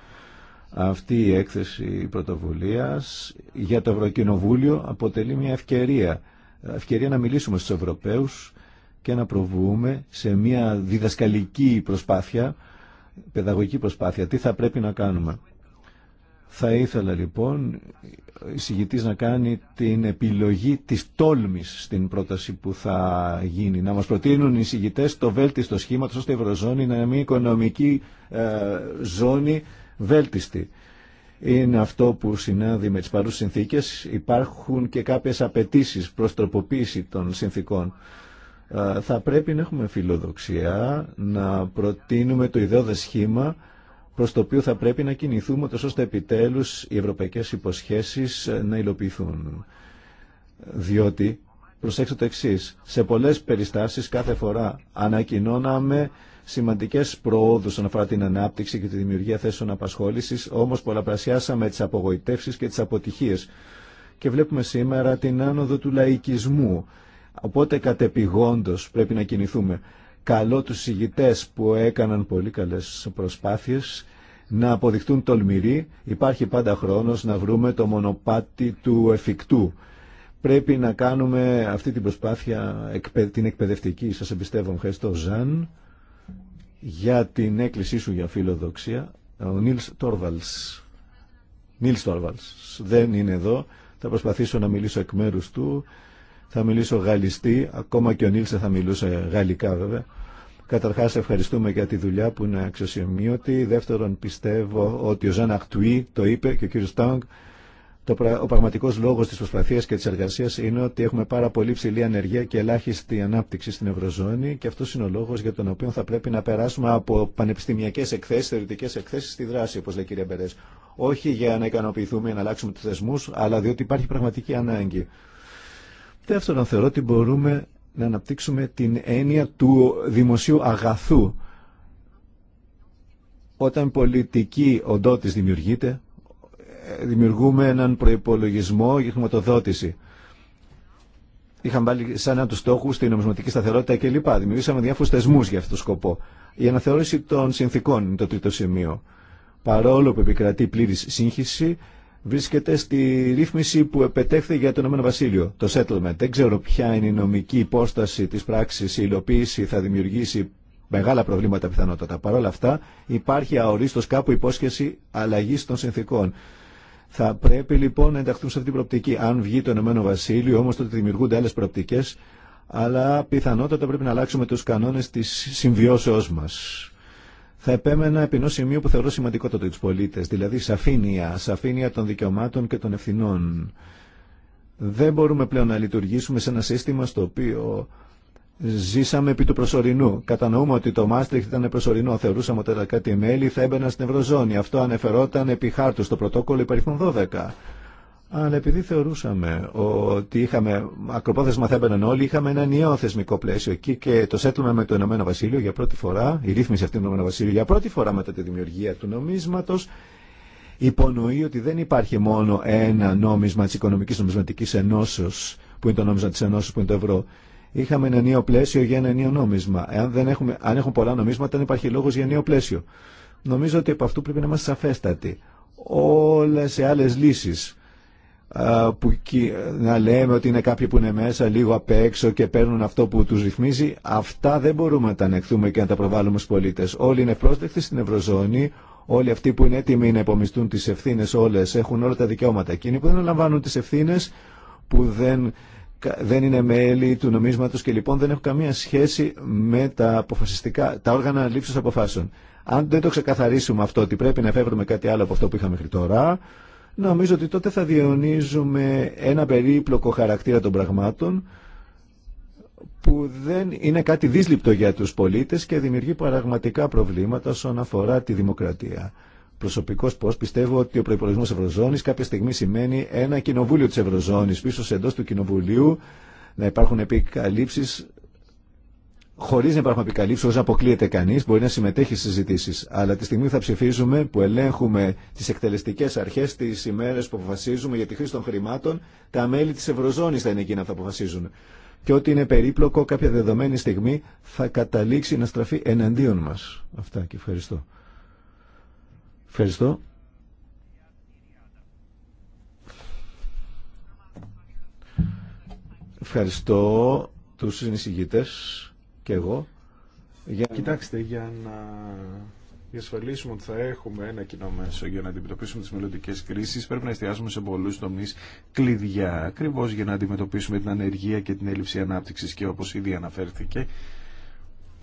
Αυτή η έκθεση πρωτοβουλίας για το Ευρωκοινοβούλιο αποτελεί μια ευκαιρία. Ευκαιρία να μιλήσουμε στους Ευρωπαίους και να προβούμε σε μια διδασκαλική προσπάθεια παιδαγωγική προσπάθεια. Τι θα πρέπει να κάνουμε. Θα ήθελα λοιπόν η συγητής να κάνει την επιλογή της τόλμης στην πρόταση που θα γίνει. Να μας προτείνουν οι συγητές το βέλτιστο σχήμα ώστε η Ευρωζώνη να είναι μια οικονομική ε, ζώνη βέλτιστη. Είναι αυτό που συνάδει με τις παρούσες συνθήκες. Υπάρχουν και κάποιες απαιτήσεις προς τροποποίηση των συνθήκων. Ε, θα πρέπει να έχουμε φιλοδοξία, να προτείνουμε το ιδέωδες σχήμα προς το οποίο θα πρέπει να κινηθούμε ώστε επιτέλους οι ευρωπαϊκές υποσχέσεις ε, να υλοποιηθούν. Διότι, προσέξτε το εξή. σε πολλές περιστάσεις κάθε φορά ανακοινώναμε σημαντικές προόδους όσον αφορά την ανάπτυξη και τη δημιουργία θέσεων απασχόλησης, όμως πολλαπλασιάσαμε τις απογοητεύσεις και τις αποτυχίες. Και βλέπουμε σήμερα την άνοδο του λαϊκισμού Οπότε κατεπηγόντως πρέπει να κινηθούμε. Καλό τους ηγητές που έκαναν πολύ καλές προσπάθειες να αποδειχτούν τολμηροί. Υπάρχει πάντα χρόνος να βρούμε το μονοπάτι του εφικτού. Πρέπει να κάνουμε αυτή την προσπάθεια, την εκπαιδευτική. Σας εμπιστεύω, ευχαριστώ Ζαν, για την έκκλησή σου για φιλοδοξία. Ο Νίλς Τόρβαλς. Νίλ δεν είναι εδώ. Θα προσπαθήσω να μιλήσω εκ μέρους του. Θα μιλήσω γαλλιστή, ακόμα και ο Νίλσε θα μιλούσε γαλλικά βέβαια. Καταρχάς ευχαριστούμε για τη δουλειά που είναι αξιοσημείωτη. Δεύτερον πιστεύω ότι ο Ζαν Αχτουή το είπε και ο κύριος Τάγκ. Ο πραγματικός λόγος της προσπαθίας και της εργασίας είναι ότι έχουμε πάρα πολύ ψηλή ανεργία και ελάχιστη ανάπτυξη στην Ευρωζώνη και αυτός είναι ο λόγος για τον οποίο θα πρέπει να περάσουμε από πανεπιστημιακές εκθέσεις, θεωρητικές εκθέσεις στη δράση, όπως λέει η κυρία Μπερές. Όχι για να ικανοποιηθούμε ή να αλλάξουμε τους θεσμούς, αλλά διότι υπάρχει πραγματική ανάγκη. Δεύτερον, θεωρώ ότι μπορούμε να αναπτύξουμε την έννοια του δημοσίου αγαθού. Όταν πολιτική οντότης δημιουργείται, ε, δημιουργούμε έναν προϋπολογισμό για χρηματοδότηση. Είχαμε πάλι σαν έναν του στόχου την νομισματική σταθερότητα κλπ. Δημιουργήσαμε διάφορου θεσμού για αυτόν τον σκοπό. Η αναθεώρηση των συνθήκων είναι το τρίτο σημείο. Παρόλο που επικρατεί πλήρη σύγχυση, βρίσκεται στη ρύθμιση που επετέχθη για το Ηνωμένο Βασίλειο, το settlement. Δεν ξέρω ποια είναι η νομική υπόσταση της πράξης, η υλοποίηση θα δημιουργήσει μεγάλα προβλήματα πιθανότατα. Παρ' όλα αυτά υπάρχει αορίστως κάπου υπόσχεση αλλαγή των συνθήκων. Θα πρέπει λοιπόν να ενταχθούν σε αυτή την προοπτική. Αν βγει το Ηνωμένο Βασίλειο, όμως τότε δημιουργούνται άλλες προοπτικές, αλλά πιθανότατα πρέπει να αλλάξουμε τους κανόνες της συμβιώσεώς μας θα επέμενα επί ενό σημείου που θεωρώ σημαντικότατο του πολίτε, δηλαδή σαφήνεια, σαφήνεια των δικαιωμάτων και των ευθυνών. Δεν μπορούμε πλέον να λειτουργήσουμε σε ένα σύστημα στο οποίο ζήσαμε επί του προσωρινού. Κατανοούμε ότι το Μάστριχτ ήταν προσωρινό. Θεωρούσαμε ότι τα κάτι μέλη θα έμπαιναν στην Ευρωζώνη. Αυτό ανεφερόταν επί χάρτου στο πρωτόκολλο υπαριθμών 12. Αλλά επειδή θεωρούσαμε ότι είχαμε, ακροπόθεσμα θα έμπαιναν όλοι, είχαμε ένα νέο θεσμικό πλαίσιο εκεί και το σέτλουμε με το Ηνωμένο Βασίλειο για πρώτη φορά, η ρύθμιση αυτή του Ηνωμένου Βασίλειου για πρώτη φορά μετά τη δημιουργία του νομίσματος, υπονοεί ότι δεν υπάρχει μόνο ένα νόμισμα της Οικονομικής Νομισματικής Ενώσεως, που είναι το νόμισμα της Ενώσεως, που είναι το ευρώ. Είχαμε ένα νέο πλαίσιο για ένα νέο νόμισμα. Αν, δεν έχουμε, αν έχουν πολλά νομίσματα, δεν υπάρχει λόγος για νέο πλαίσιο. Νομίζω ότι από αυτού πρέπει να είμαστε σαφέστατοι. Όλες οι άλλες λύσεις που να λέμε ότι είναι κάποιοι που είναι μέσα λίγο απ' έξω και παίρνουν αυτό που τους ρυθμίζει αυτά δεν μπορούμε να τα ανεχθούμε και να τα προβάλλουμε στους πολίτες όλοι είναι πρόσδεκτοι στην Ευρωζώνη όλοι αυτοί που είναι έτοιμοι να υπομισθούν τις ευθύνες όλες έχουν όλα τα δικαιώματα εκείνοι που δεν λαμβάνουν τις ευθύνες που δεν, δεν είναι μέλη του νομίσματος και λοιπόν δεν έχουν καμία σχέση με τα αποφασιστικά τα όργανα λήψης αποφάσεων αν δεν το ξεκαθαρίσουμε αυτό ότι πρέπει να εφεύρουμε κάτι άλλο από αυτό που είχαμε μέχρι τώρα Νομίζω ότι τότε θα διαιωνίζουμε ένα περίπλοκο χαρακτήρα των πραγμάτων που δεν είναι κάτι δύσληπτο για τους πολίτες και δημιουργεί πραγματικά προβλήματα όσον αφορά τη δημοκρατία. Προσωπικώ πώ πιστεύω ότι ο προπολογισμό Ευρωζώνη κάποια στιγμή σημαίνει ένα κοινοβούλιο τη Ευρωζώνη. Πίσω εντό του κοινοβουλίου να υπάρχουν επικαλύψει χωρί να υπάρχουν επικαλύψει, όσο αποκλείεται κανεί, μπορεί να συμμετέχει στι συζητήσει. Αλλά τη στιγμή θα ψηφίζουμε, που ελέγχουμε τι εκτελεστικέ αρχέ, τι ημέρε που αποφασίζουμε για τη χρήση των χρημάτων, τα μέλη τη Ευρωζώνη θα είναι εκείνα που θα αποφασίζουν. Και ό,τι είναι περίπλοκο, κάποια δεδομένη στιγμή θα καταλήξει να στραφεί εναντίον μα. Αυτά και ευχαριστώ. Ευχαριστώ. Ευχαριστώ τους συνεισηγητές και εγώ. Για... Κοιτάξτε, για να διασφαλίσουμε ότι θα έχουμε ένα κοινό μέσο για να αντιμετωπίσουμε τι μελλοντικέ κρίσει, πρέπει να εστιάσουμε σε πολλού τομεί κλειδιά. Ακριβώ για να αντιμετωπίσουμε την ανεργία και την έλλειψη ανάπτυξη και όπω ήδη αναφέρθηκε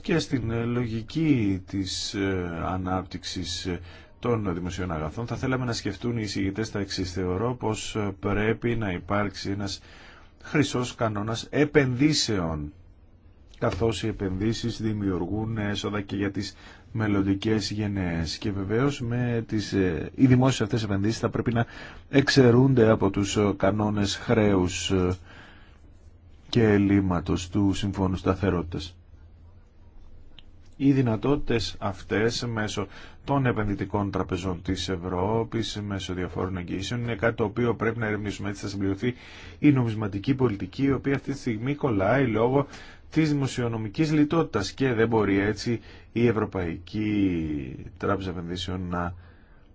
και στην ε, λογική της ε, ανάπτυξης ε, των δημοσίων αγαθών θα θέλαμε να σκεφτούν οι εισηγητές τα εξή θεωρώ πως πρέπει να υπάρξει ένας χρυσός κανόνας επενδύσεων καθώς οι επενδύσεις δημιουργούν έσοδα και για τις μελλοντικέ γενναίες. Και βεβαίως με τις, ε, οι δημόσιες αυτές επενδύσεις θα πρέπει να εξαιρούνται από τους ε, κανόνες χρέους ε, και ελλείμματος του Συμφώνου Σταθερότητας. Οι δυνατότητες αυτές μέσω των επενδυτικών τραπεζών της Ευρώπης, μέσω διαφόρων εγγύσεων, είναι κάτι το οποίο πρέπει να ερευνήσουμε. Έτσι θα συμπληρωθεί η νομισματική πολιτική, η οποία αυτή τη στιγμή κολλάει λόγω της δημοσιονομικής λιτότητας και δεν μπορεί έτσι η Ευρωπαϊκή Τράπεζα Επενδύσεων να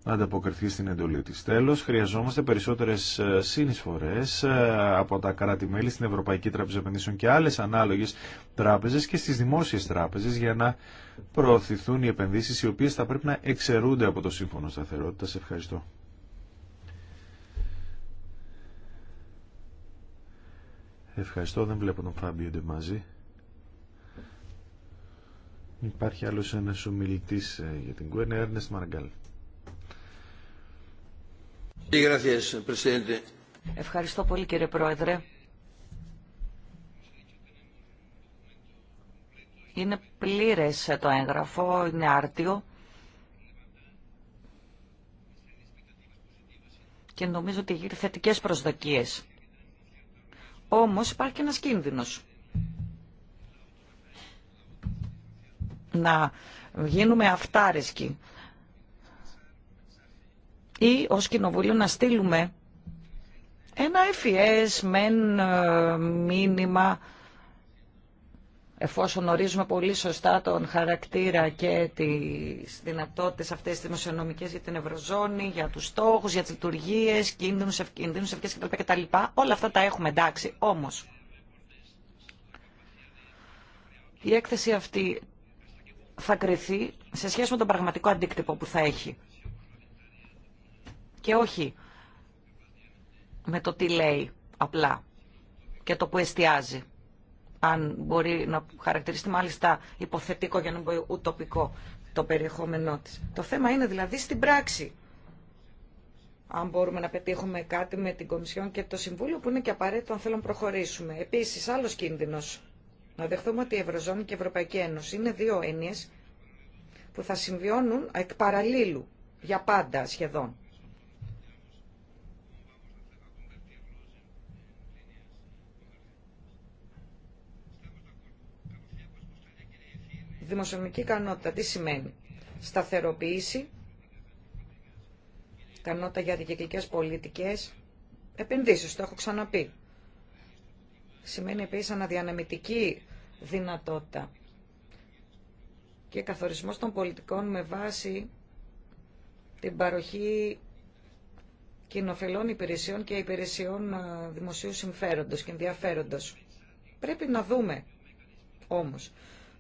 ανταποκριθεί στην εντολή της. Τέλος, χρειαζόμαστε περισσότερες ε, συνεισφορές ε, από τα κράτη-μέλη στην Ευρωπαϊκή Τράπεζα Επενδύσεων και άλλες ανάλογες τράπεζες και στις δημόσιες τράπεζες για να προωθηθούν οι επενδύσεις οι οποίες θα πρέπει να εξαιρούνται από το Σύμφωνο Σταθερότητας. Ευχαριστώ. Ευχαριστώ, δεν βλέπω τον Φάμπιο μαζί. Υπάρχει άλλος ένας ομιλητής ε, για την Κουένε, Έρνεστ Μαργκάλ. Ευχαριστώ πολύ κύριε Πρόεδρε. Είναι πλήρες το έγγραφο, είναι άρτιο και νομίζω ότι γύρει θετικές προσδοκίες. Όμως υπάρχει και ένας κίνδυνος να γίνουμε αυτάρισκοι ή ως κοινοβούλιο να στείλουμε ένα με μεν ε, μήνυμα εφόσον ορίζουμε πολύ σωστά τον χαρακτήρα και τις δυνατότητες αυτές τις δημοσιονομικές για την Ευρωζώνη, για τους στόχους, για τις λειτουργίες, κίνδυνους, κινδύνους ευκαιρίες κτλ, κτλ. Όλα αυτά τα έχουμε εντάξει, όμως. Η έκθεση αυτή θα κρυθεί σε σχέση με τον πραγματικό αντίκτυπο που θα έχει. Και όχι με το τι λέει απλά και το που εστιάζει. Αν μπορεί να χαρακτηριστεί μάλιστα υποθετικό για να μην πω ουτοπικό το περιεχόμενό της. Το θέμα είναι δηλαδή στην πράξη. Αν μπορούμε να πετύχουμε κάτι με την Κομισιόν και το Συμβούλιο που είναι και απαραίτητο αν θέλουμε να προχωρήσουμε. Επίσης, άλλος κίνδυνος να δεχθούμε ότι η Ευρωζώνη και η Ευρωπαϊκή Ένωση είναι δύο έννοιε που θα συμβιώνουν εκ παραλίλου, για πάντα σχεδόν. Δημοσιονομική ικανότητα, τι σημαίνει. Σταθεροποίηση, ικανότητα για δικαιωτικές πολιτικές, επενδύσεις, το έχω ξαναπεί. Σημαίνει επίσης αναδιανεμητική δυνατότητα και καθορισμός των πολιτικών με βάση την παροχή κοινοφελών υπηρεσιών και υπηρεσιών ε, δημοσίου συμφέροντος και ενδιαφέροντος. Πρέπει να δούμε όμως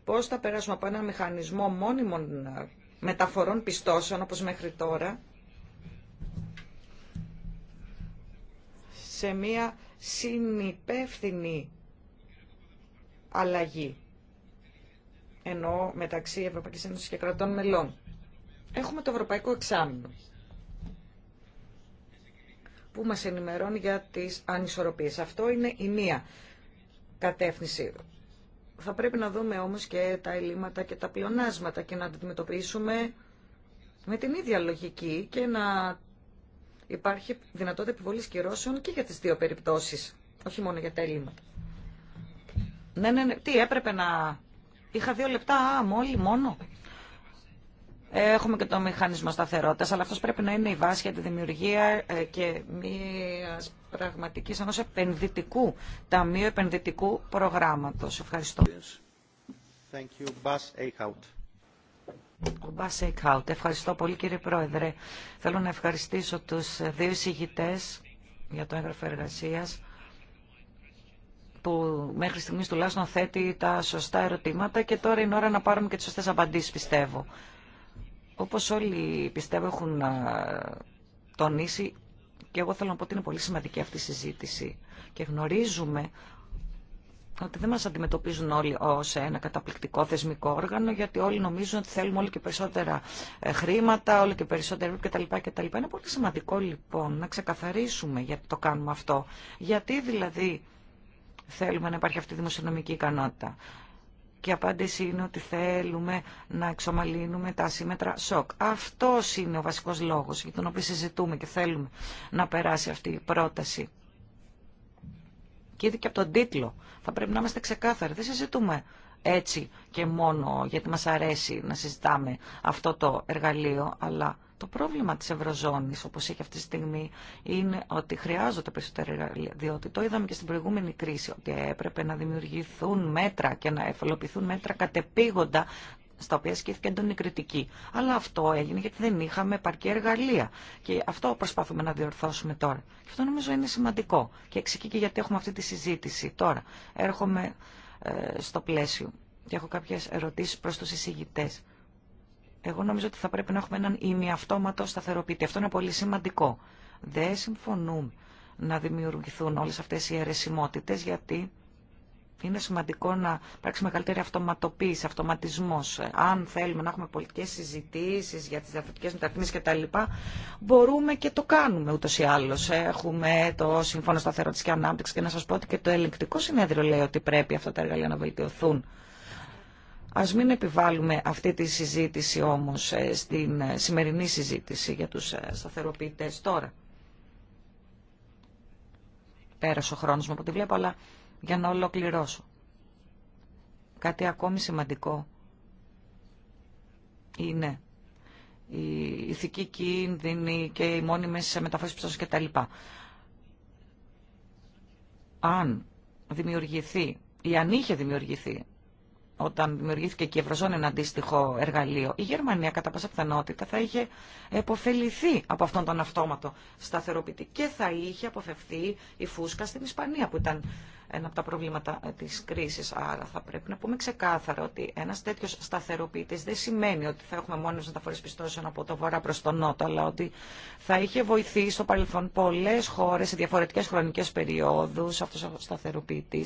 πώς θα περάσουμε από ένα μηχανισμό μόνιμων ε, μεταφορών πιστώσεων όπως μέχρι τώρα σε μια συνυπεύθυνη αλλαγή ενώ μεταξύ Ευρωπαϊκής Ένωσης και κρατών μελών. Έχουμε το Ευρωπαϊκό Εξάμεινο που μας ενημερώνει για τις ανισορροπίες. Αυτό είναι η μία κατεύθυνση. Θα πρέπει να δούμε όμως και τα ελλείμματα και τα πλεονάσματα και να αντιμετωπίσουμε με την ίδια λογική και να υπάρχει δυνατότητα επιβολή κυρώσεων και για τις δύο περιπτώσεις, όχι μόνο για τα ελλείμματα. Ναι, ναι, ναι. Τι έπρεπε να... Είχα δύο λεπτά α, μόλι, μόνο. Έχουμε και το μηχανισμό σταθερότητα, αλλά αυτός πρέπει να είναι η βάση για τη δημιουργία ε, και μια πραγματική ενό επενδυτικού, ταμείου επενδυτικού προγράμματο. Ευχαριστώ. Thank you, Ευχαριστώ πολύ κύριε Πρόεδρε. Θέλω να ευχαριστήσω τους δύο εισηγητές για το έγγραφο εργασίας που μέχρι στιγμής τουλάχιστον θέτει τα σωστά ερωτήματα και τώρα είναι ώρα να πάρουμε και τις σωστές απαντήσεις πιστεύω. Όπως όλοι πιστεύω έχουν τονίσει και εγώ θέλω να πω ότι είναι πολύ σημαντική αυτή η συζήτηση και γνωρίζουμε ότι δεν μας αντιμετωπίζουν όλοι ως ένα καταπληκτικό θεσμικό όργανο, γιατί όλοι νομίζουν ότι θέλουμε όλο και περισσότερα ε, χρήματα, όλο και περισσότερα κτλ. κτλ. Είναι πολύ σημαντικό λοιπόν να ξεκαθαρίσουμε γιατί το κάνουμε αυτό. Γιατί δηλαδή θέλουμε να υπάρχει αυτή η δημοσιονομική ικανότητα. Και η απάντηση είναι ότι θέλουμε να εξομαλύνουμε τα ασύμετρα σοκ. Αυτό είναι ο βασικός λόγος για τον οποίο συζητούμε και θέλουμε να περάσει αυτή η πρόταση. Και ήδη και από τον τίτλο θα πρέπει να είμαστε ξεκάθαροι. Δεν συζητούμε έτσι και μόνο γιατί μας αρέσει να συζητάμε αυτό το εργαλείο, αλλά το πρόβλημα της Ευρωζώνης, όπως έχει αυτή τη στιγμή, είναι ότι χρειάζονται περισσότερα εργαλεία, διότι το είδαμε και στην προηγούμενη κρίση, ότι έπρεπε να δημιουργηθούν μέτρα και να εφαλοποιηθούν μέτρα κατεπήγοντα στα οποία ασκήθηκε έντονη κριτική. Αλλά αυτό έγινε γιατί δεν είχαμε επαρκή εργαλεία. Και αυτό προσπαθούμε να διορθώσουμε τώρα. Και αυτό νομίζω είναι σημαντικό. Και εξηγεί και γιατί έχουμε αυτή τη συζήτηση. Τώρα έρχομαι ε, στο πλαίσιο και έχω κάποιε ερωτήσει προ του εισηγητέ. Εγώ νομίζω ότι θα πρέπει να έχουμε έναν ημιαυτόματο σταθεροποιητή. Αυτό είναι πολύ σημαντικό. Δεν συμφωνούν να δημιουργηθούν όλες αυτές οι αιρεσιμότητες γιατί είναι σημαντικό να υπάρξει μεγαλύτερη αυτοματοποίηση, αυτοματισμό. Αν θέλουμε να έχουμε πολιτικέ συζητήσει για τι διαφορετικέ μεταρρυθμίσει κτλ., μπορούμε και το κάνουμε ούτω ή άλλω. Έχουμε το Σύμφωνο Σταθερότητα και Ανάπτυξη και να σα πω ότι και το ελεγκτικό συνέδριο λέει ότι πρέπει αυτά τα εργαλεία να βελτιωθούν. Α μην επιβάλλουμε αυτή τη συζήτηση όμω ε, στην ε, σημερινή συζήτηση για του ε, σταθεροποιητέ τώρα. Πέρασε ο χρόνο μου από ό,τι βλέπω, αλλά για να ολοκληρώσω. Κάτι ακόμη σημαντικό είναι η ηθική κίνδυνη και οι μόνιμες και τα λοιπά. Αν δημιουργηθεί ή αν είχε δημιουργηθεί όταν δημιουργήθηκε και η Ευρωζώνη ένα αντίστοιχο εργαλείο, η Γερμανία κατά πάσα πιθανότητα θα είχε επωφεληθεί από αυτόν τον αυτόματο σταθεροποιητή και θα είχε αποφευθεί η φούσκα στην Ισπανία που ήταν ένα από τα προβλήματα ε, της κρίσης. Άρα θα πρέπει να πούμε ξεκάθαρα ότι ένας τέτοιο σταθεροποιητής δεν σημαίνει ότι θα έχουμε μόνες φορέ πιστώσεων από το βορρά προς τον νότο, αλλά ότι θα είχε βοηθήσει στο παρελθόν πολλέ χώρες σε διαφορετικές χρονικές περιόδους αυτό ο σταθεροποιητή.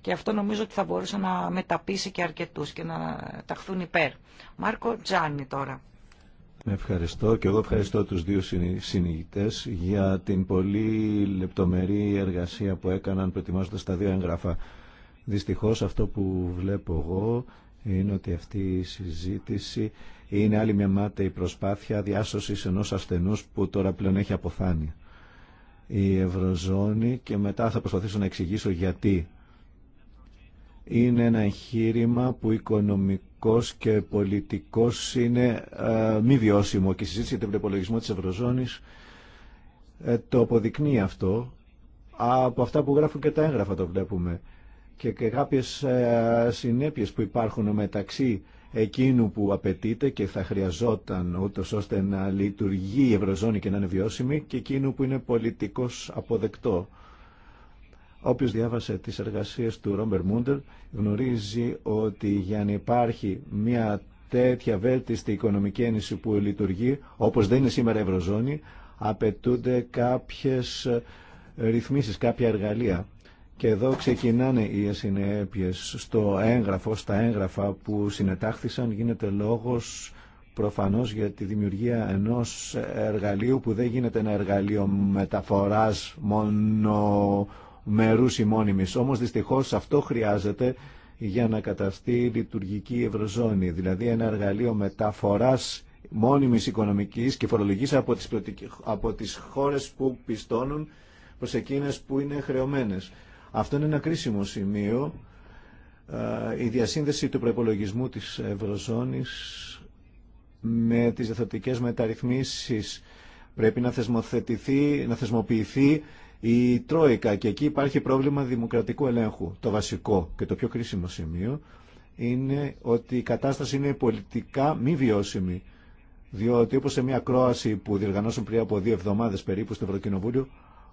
Και αυτό νομίζω ότι θα μπορούσε να μεταπίσει και αρκετού και να ταχθούν υπέρ. Μάρκο Τζάνι τώρα. Ευχαριστώ και εγώ ευχαριστώ τους δύο συνηγητές για την πολύ λεπτομερή εργασία που έκαναν προετοιμάζοντας τα δύο έγγραφα. Δυστυχώς αυτό που βλέπω εγώ είναι ότι αυτή η συζήτηση είναι άλλη μια μάταιη προσπάθεια διάσωσης ενός ασθενούς που τώρα πλέον έχει αποθάνει η Ευρωζώνη και μετά θα προσπαθήσω να εξηγήσω γιατί. Είναι ένα εγχείρημα που οικονομικά και πολιτικός είναι ε, μη βιώσιμο και η συζήτηση για τον προπολογισμό της Ευρωζώνης ε, το αποδεικνύει αυτό. Από αυτά που γράφουν και τα έγγραφα το βλέπουμε και, και κάποιες ε, συνέπειες που υπάρχουν μεταξύ εκείνου που απαιτείται και θα χρειαζόταν ούτω ώστε να λειτουργεί η Ευρωζώνη και να είναι βιώσιμη και εκείνου που είναι πολιτικός αποδεκτό. Όποιος διάβασε τις εργασίες του Ρόμπερ Μούντερ γνωρίζει ότι για να υπάρχει μια τέτοια βέλτιστη οικονομική ένωση που λειτουργεί, όπως δεν είναι σήμερα Ευρωζώνη, απαιτούνται κάποιες ε, ρυθμίσεις, κάποια εργαλεία. Και εδώ ξεκινάνε οι συνέπειε στο έγγραφο, στα έγγραφα που συνετάχθησαν γίνεται λόγος προφανώς για τη δημιουργία ενός εργαλείου που δεν γίνεται ένα εργαλείο μεταφοράς μόνο μερούς μόνιμης. Όμως δυστυχώς αυτό χρειάζεται για να καταστεί λειτουργική ευρωζώνη, δηλαδή ένα εργαλείο μεταφοράς μόνιμης οικονομικής και φορολογής από τις, από χώρες που πιστώνουν προς εκείνες που είναι χρεωμένες. Αυτό είναι ένα κρίσιμο σημείο. Η διασύνδεση του προπολογισμού της Ευρωζώνης με τις διαθετικές μεταρρυθμίσεις πρέπει να θεσμοθετηθεί, να θεσμοποιηθεί η Τρόικα και εκεί υπάρχει πρόβλημα δημοκρατικού ελέγχου. Το βασικό και το πιο κρίσιμο σημείο είναι ότι η κατάσταση είναι πολιτικά μη βιώσιμη. Διότι όπως σε μια κρόαση που διεργανώσουν πριν από δύο εβδομάδες περίπου στο Ευρωκοινοβούλιο,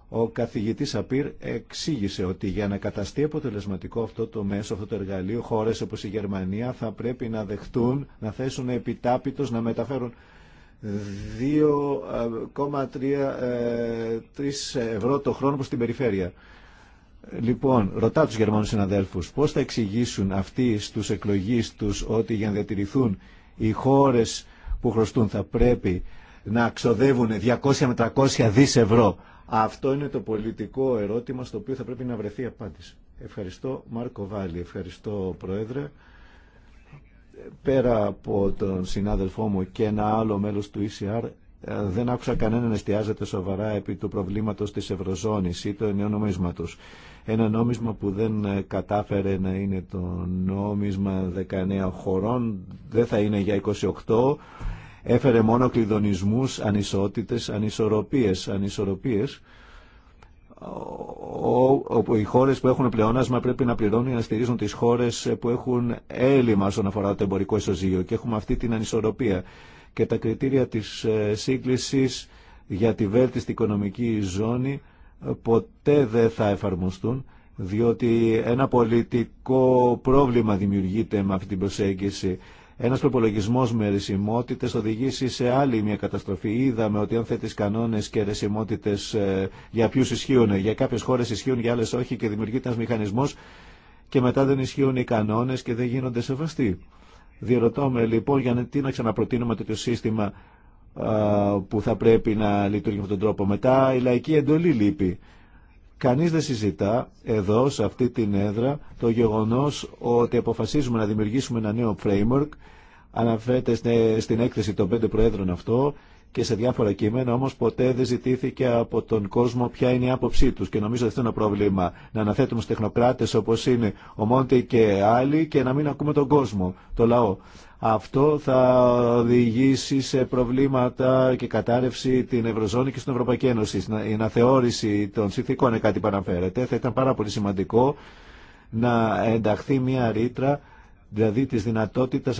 ο καθηγητής Απίρ εξήγησε ότι για να καταστεί αποτελεσματικό αυτό το μέσο, αυτό το εργαλείο, χώρες όπως η Γερμανία θα πρέπει να δεχτούν, να θέσουν επιτάπητος, να μεταφέρουν 2,3 ε, ε, ευρώ το χρόνο προς την περιφέρεια. Λοιπόν, ρωτά τους Γερμανούς συναδέλφους πώς θα εξηγήσουν αυτοί στους εκλογείς τους ότι για να διατηρηθούν οι χώρες που χρωστούν θα πρέπει να ξοδεύουν 200 με 300 δις ευρώ. Αυτό είναι το πολιτικό ερώτημα στο οποίο θα πρέπει να βρεθεί απάντηση. Ευχαριστώ Μάρκο Βάλλη, ευχαριστώ Πρόεδρε πέρα από τον συνάδελφό μου και ένα άλλο μέλος του ECR ε, δεν άκουσα κανέναν εστιάζεται σοβαρά επί του προβλήματος της Ευρωζώνης ή του ενιαίου Ένα νόμισμα που δεν ε, κατάφερε να είναι το νόμισμα 19 χωρών, δεν θα είναι για 28, έφερε μόνο κλειδονισμούς, ανισότητες, ανισορροπίες, ανισορροπίες όπου οι χώρες που έχουν πλεόνασμα πρέπει να πληρώνουν ή να στηρίζουν τις χώρες που έχουν έλλειμμα όσον αφορά το εμπορικό ισοζύγιο και έχουμε αυτή την ανισορροπία και τα κριτήρια της ε, σύγκλησης για τη βέλτιστη οικονομική ζώνη ε, ποτέ δεν θα εφαρμοστούν διότι ένα πολιτικό πρόβλημα δημιουργείται με αυτή την προσέγγιση ένας προπολογισμός με ρησιμότητες οδηγήσει σε άλλη μια καταστροφή. Είδαμε ότι αν θέτεις κανόνες και ρησιμότητες ε, για ποιους ισχύουν, ε, για κάποιες χώρες ισχύουν, για άλλες όχι και δημιουργείται ένας μηχανισμός και μετά δεν ισχύουν οι κανόνες και δεν γίνονται σεβαστοί. Διερωτώ με λοιπόν για να, τι να ξαναπροτείνουμε τέτοιο σύστημα που θα πρέπει να λειτουργεί με τον τρόπο. Μετά η λαϊκή εντολή λείπει. Κανείς δεν συζητά εδώ, σε αυτή την έδρα, το γεγονός ότι αποφασίζουμε να δημιουργήσουμε ένα νέο framework. Αναφέρεται στην έκθεση των πέντε προέδρων αυτό και σε διάφορα κείμενα, όμως ποτέ δεν ζητήθηκε από τον κόσμο ποια είναι η άποψή τους. Και νομίζω ότι αυτό είναι ένα πρόβλημα, να αναθέτουμε στους τεχνοκράτες όπως είναι ο Μόντι και άλλοι και να μην ακούμε τον κόσμο, το λαό. Αυτό θα οδηγήσει σε προβλήματα και κατάρρευση την Ευρωζώνη και στην Ευρωπαϊκή Ένωση. Η αναθεώρηση των συνθήκων είναι κάτι που αναφέρεται. Θα ήταν πάρα πολύ σημαντικό να ενταχθεί μια ρήτρα δηλαδή τη δυνατότητα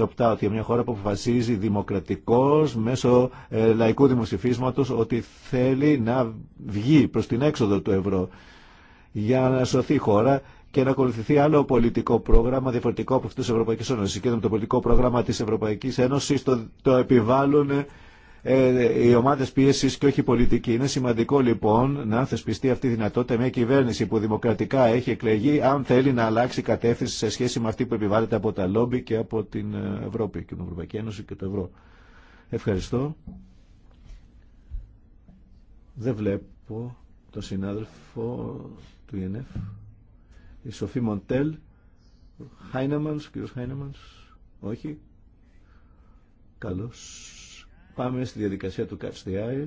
Οπτά ότι μια χώρα που αποφασίζει δημοκρατικώ μέσω ε, λαϊκού δημοσιοφίσματο ότι θέλει να βγει προ την έξοδο του ευρώ για να σωθεί η χώρα και να ακολουθηθεί άλλο πολιτικό πρόγραμμα διαφορετικό από αυτό τη Ευρωπαϊκή Ένωση. Και με το πολιτικό πρόγραμμα τη Ευρωπαϊκή Ένωση το, επιβάλλουν ε, οι ομάδε πίεση και όχι οι πολιτικοί. Είναι σημαντικό λοιπόν να θεσπιστεί αυτή η δυνατότητα μια κυβέρνηση που δημοκρατικά έχει εκλεγεί, αν θέλει να αλλάξει κατεύθυνση σε σχέση με αυτή που επιβάλλεται από τα λόμπι και από την ε, Ευρώπη και την Ευρωπαϊκή Ένωση και το Ευρώ. Ευχαριστώ. Δεν βλέπω το συνάδελφο του ΙΕΝΕΦ η Σοφή Μοντέλ, Χάινεμανς, κύριος Χάινεμανς, όχι. Καλώς. Πάμε στη διαδικασία του Catch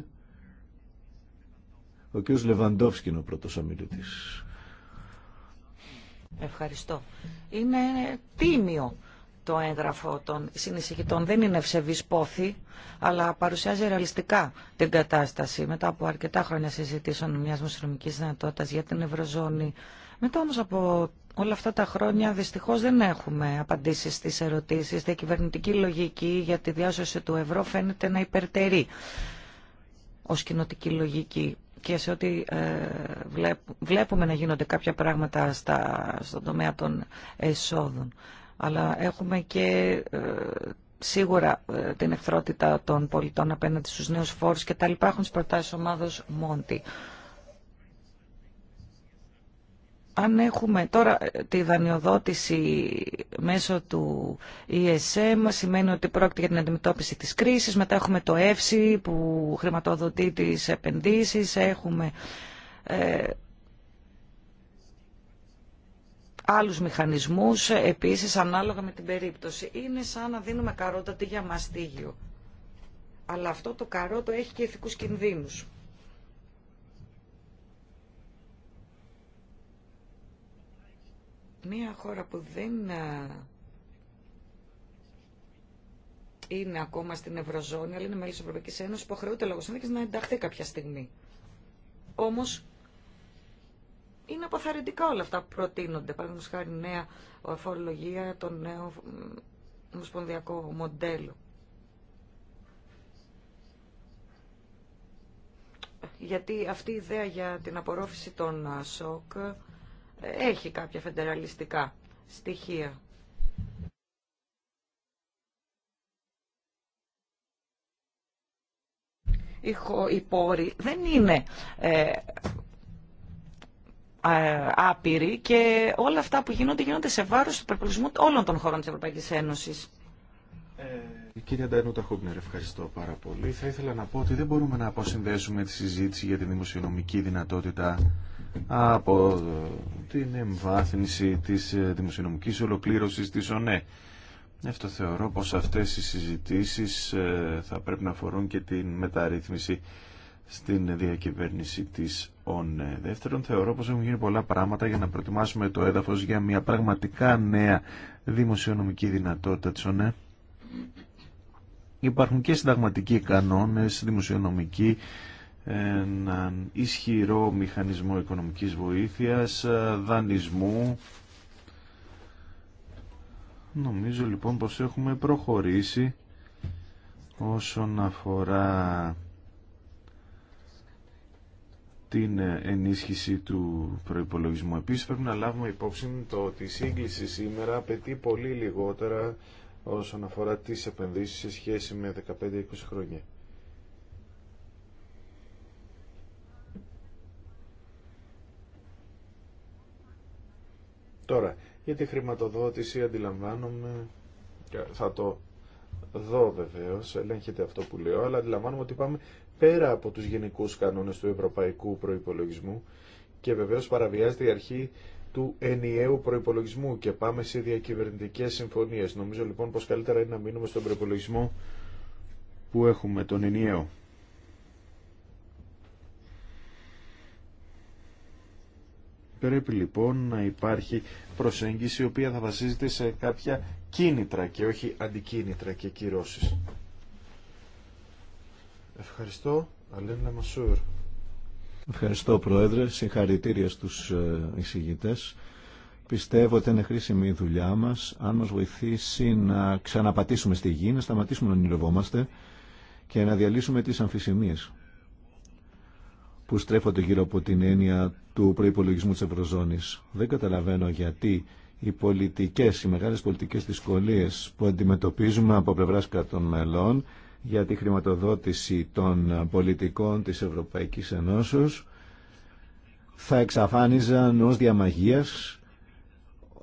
Ο κύριος Λεβαντόφσκι είναι ο πρώτος ομιλητής. Ευχαριστώ. Είναι τίμιο το έγγραφο των συνεισηγητών. Δεν είναι ευσεβής πόθη, αλλά παρουσιάζει ρεαλιστικά την κατάσταση. Μετά από αρκετά χρόνια συζητήσεων μιας μουσουλμικής δυνατότητα για την Ευρωζώνη, μετά όμως από όλα αυτά τα χρόνια δυστυχώς δεν έχουμε απαντήσεις στις ερωτήσεις. Η κυβερνητική λογική για τη διάσωση του ευρώ φαίνεται να υπερτερεί ως κοινοτική λογική και σε ό,τι ε, βλέπουμε να γίνονται κάποια πράγματα στα, στον τομέα των εσόδων. Αλλά έχουμε και ε, σίγουρα ε, την εχθρότητα των πολιτών απέναντι στους νέους φόρους και τα λοιπά έχουν προτάσεις ομάδος Μόντι. Αν έχουμε τώρα ε, τη δανειοδότηση μέσω του ESM, σημαίνει ότι πρόκειται για την αντιμετώπιση της κρίσης. Μετά έχουμε το EFSI που χρηματοδοτεί τις επενδύσεις. Έχουμε ε, άλλους μηχανισμούς, επίσης ανάλογα με την περίπτωση. Είναι σαν να δίνουμε καρότα τι για μαστίγιο. Αλλά αυτό το καρότο έχει και ηθικούς κινδύνους. Μία χώρα που δεν είναι ακόμα στην Ευρωζώνη, αλλά είναι μέλη της Ευρωπαϊκής Ένωσης, υποχρεούται λόγω συνθήκης να ενταχθεί κάποια στιγμή. Όμως, είναι αποθαρρυντικά όλα αυτά που προτείνονται. Παραδείγματο χάρη νέα φορολογία, το νέο ομοσπονδιακό μοντέλο. Γιατί αυτή η ιδέα για την απορρόφηση των ΣΟΚ έχει κάποια φεντεραλιστικά στοιχεία. Οι πόροι δεν είναι ε, άπειροι και όλα αυτά που γίνονται γίνονται σε βάρος του προπολισμού όλων των χωρών της Ευρωπαϊκής Ένωσης. Ε, κύριε Ντανούτα Χούμπνερ, ευχαριστώ πάρα πολύ. Θα ήθελα να πω ότι δεν μπορούμε να αποσυνδέσουμε τη συζήτηση για τη δημοσιονομική δυνατότητα από την εμβάθυνση της ε, δημοσιονομικής ολοκλήρωσης της ΟΝΕ. Αυτό θεωρώ πως αυτές οι συζητήσεις ε, θα πρέπει να αφορούν και την μεταρρύθμιση στην διακυβέρνηση της ΟΝΕ. Δεύτερον, θεωρώ πως έχουν γίνει πολλά πράγματα για να προετοιμάσουμε το έδαφος για μια πραγματικά νέα δημοσιονομική δυνατότητα της ΟΝΕ. Υπάρχουν και συνταγματικοί κανόνες, δημοσιονομικοί έναν ισχυρό μηχανισμό οικονομικής βοήθειας, ε, δανεισμού. Νομίζω λοιπόν πως έχουμε προχωρήσει όσον αφορά την ενίσχυση του προϋπολογισμού. Επίσης πρέπει να λάβουμε υπόψη το ότι η σύγκληση σήμερα απαιτεί πολύ λιγότερα όσον αφορά τις επενδύσεις σε σχέση με 15-20 χρόνια. Τώρα, για τη χρηματοδότηση αντιλαμβάνομαι, θα το δω βεβαίω, ελέγχεται αυτό που λέω, αλλά αντιλαμβάνομαι ότι πάμε πέρα από τους γενικούς κανόνες του ευρωπαϊκού προϋπολογισμού και βεβαίως παραβιάζεται η αρχή του ενιαίου προϋπολογισμού και πάμε σε διακυβερνητικέ συμφωνίες. Νομίζω λοιπόν πως καλύτερα είναι να μείνουμε στον προϋπολογισμό που έχουμε, τον ενιαίο. Πρέπει λοιπόν να υπάρχει προσέγγιση η οποία θα βασίζεται σε κάποια κίνητρα και όχι αντικίνητρα και κυρώσεις. Ευχαριστώ. Αλένα Μασούρ. Ευχαριστώ Πρόεδρε. Συγχαρητήρια στους ε, εισηγητές. Πιστεύω ότι είναι χρήσιμη η δουλειά μας. Αν μας βοηθήσει να ξαναπατήσουμε στη γη, να σταματήσουμε να ονειρευόμαστε και να διαλύσουμε τις αμφισημίες που στρέφονται γύρω από την έννοια του προϋπολογισμού της Ευρωζώνης. Δεν καταλαβαίνω γιατί οι πολιτικές, οι μεγάλες πολιτικές δυσκολίες που αντιμετωπίζουμε από πλευράς κρατών μελών για τη χρηματοδότηση των πολιτικών της Ευρωπαϊκής Ενώσεως θα εξαφάνιζαν ως διαμαγείας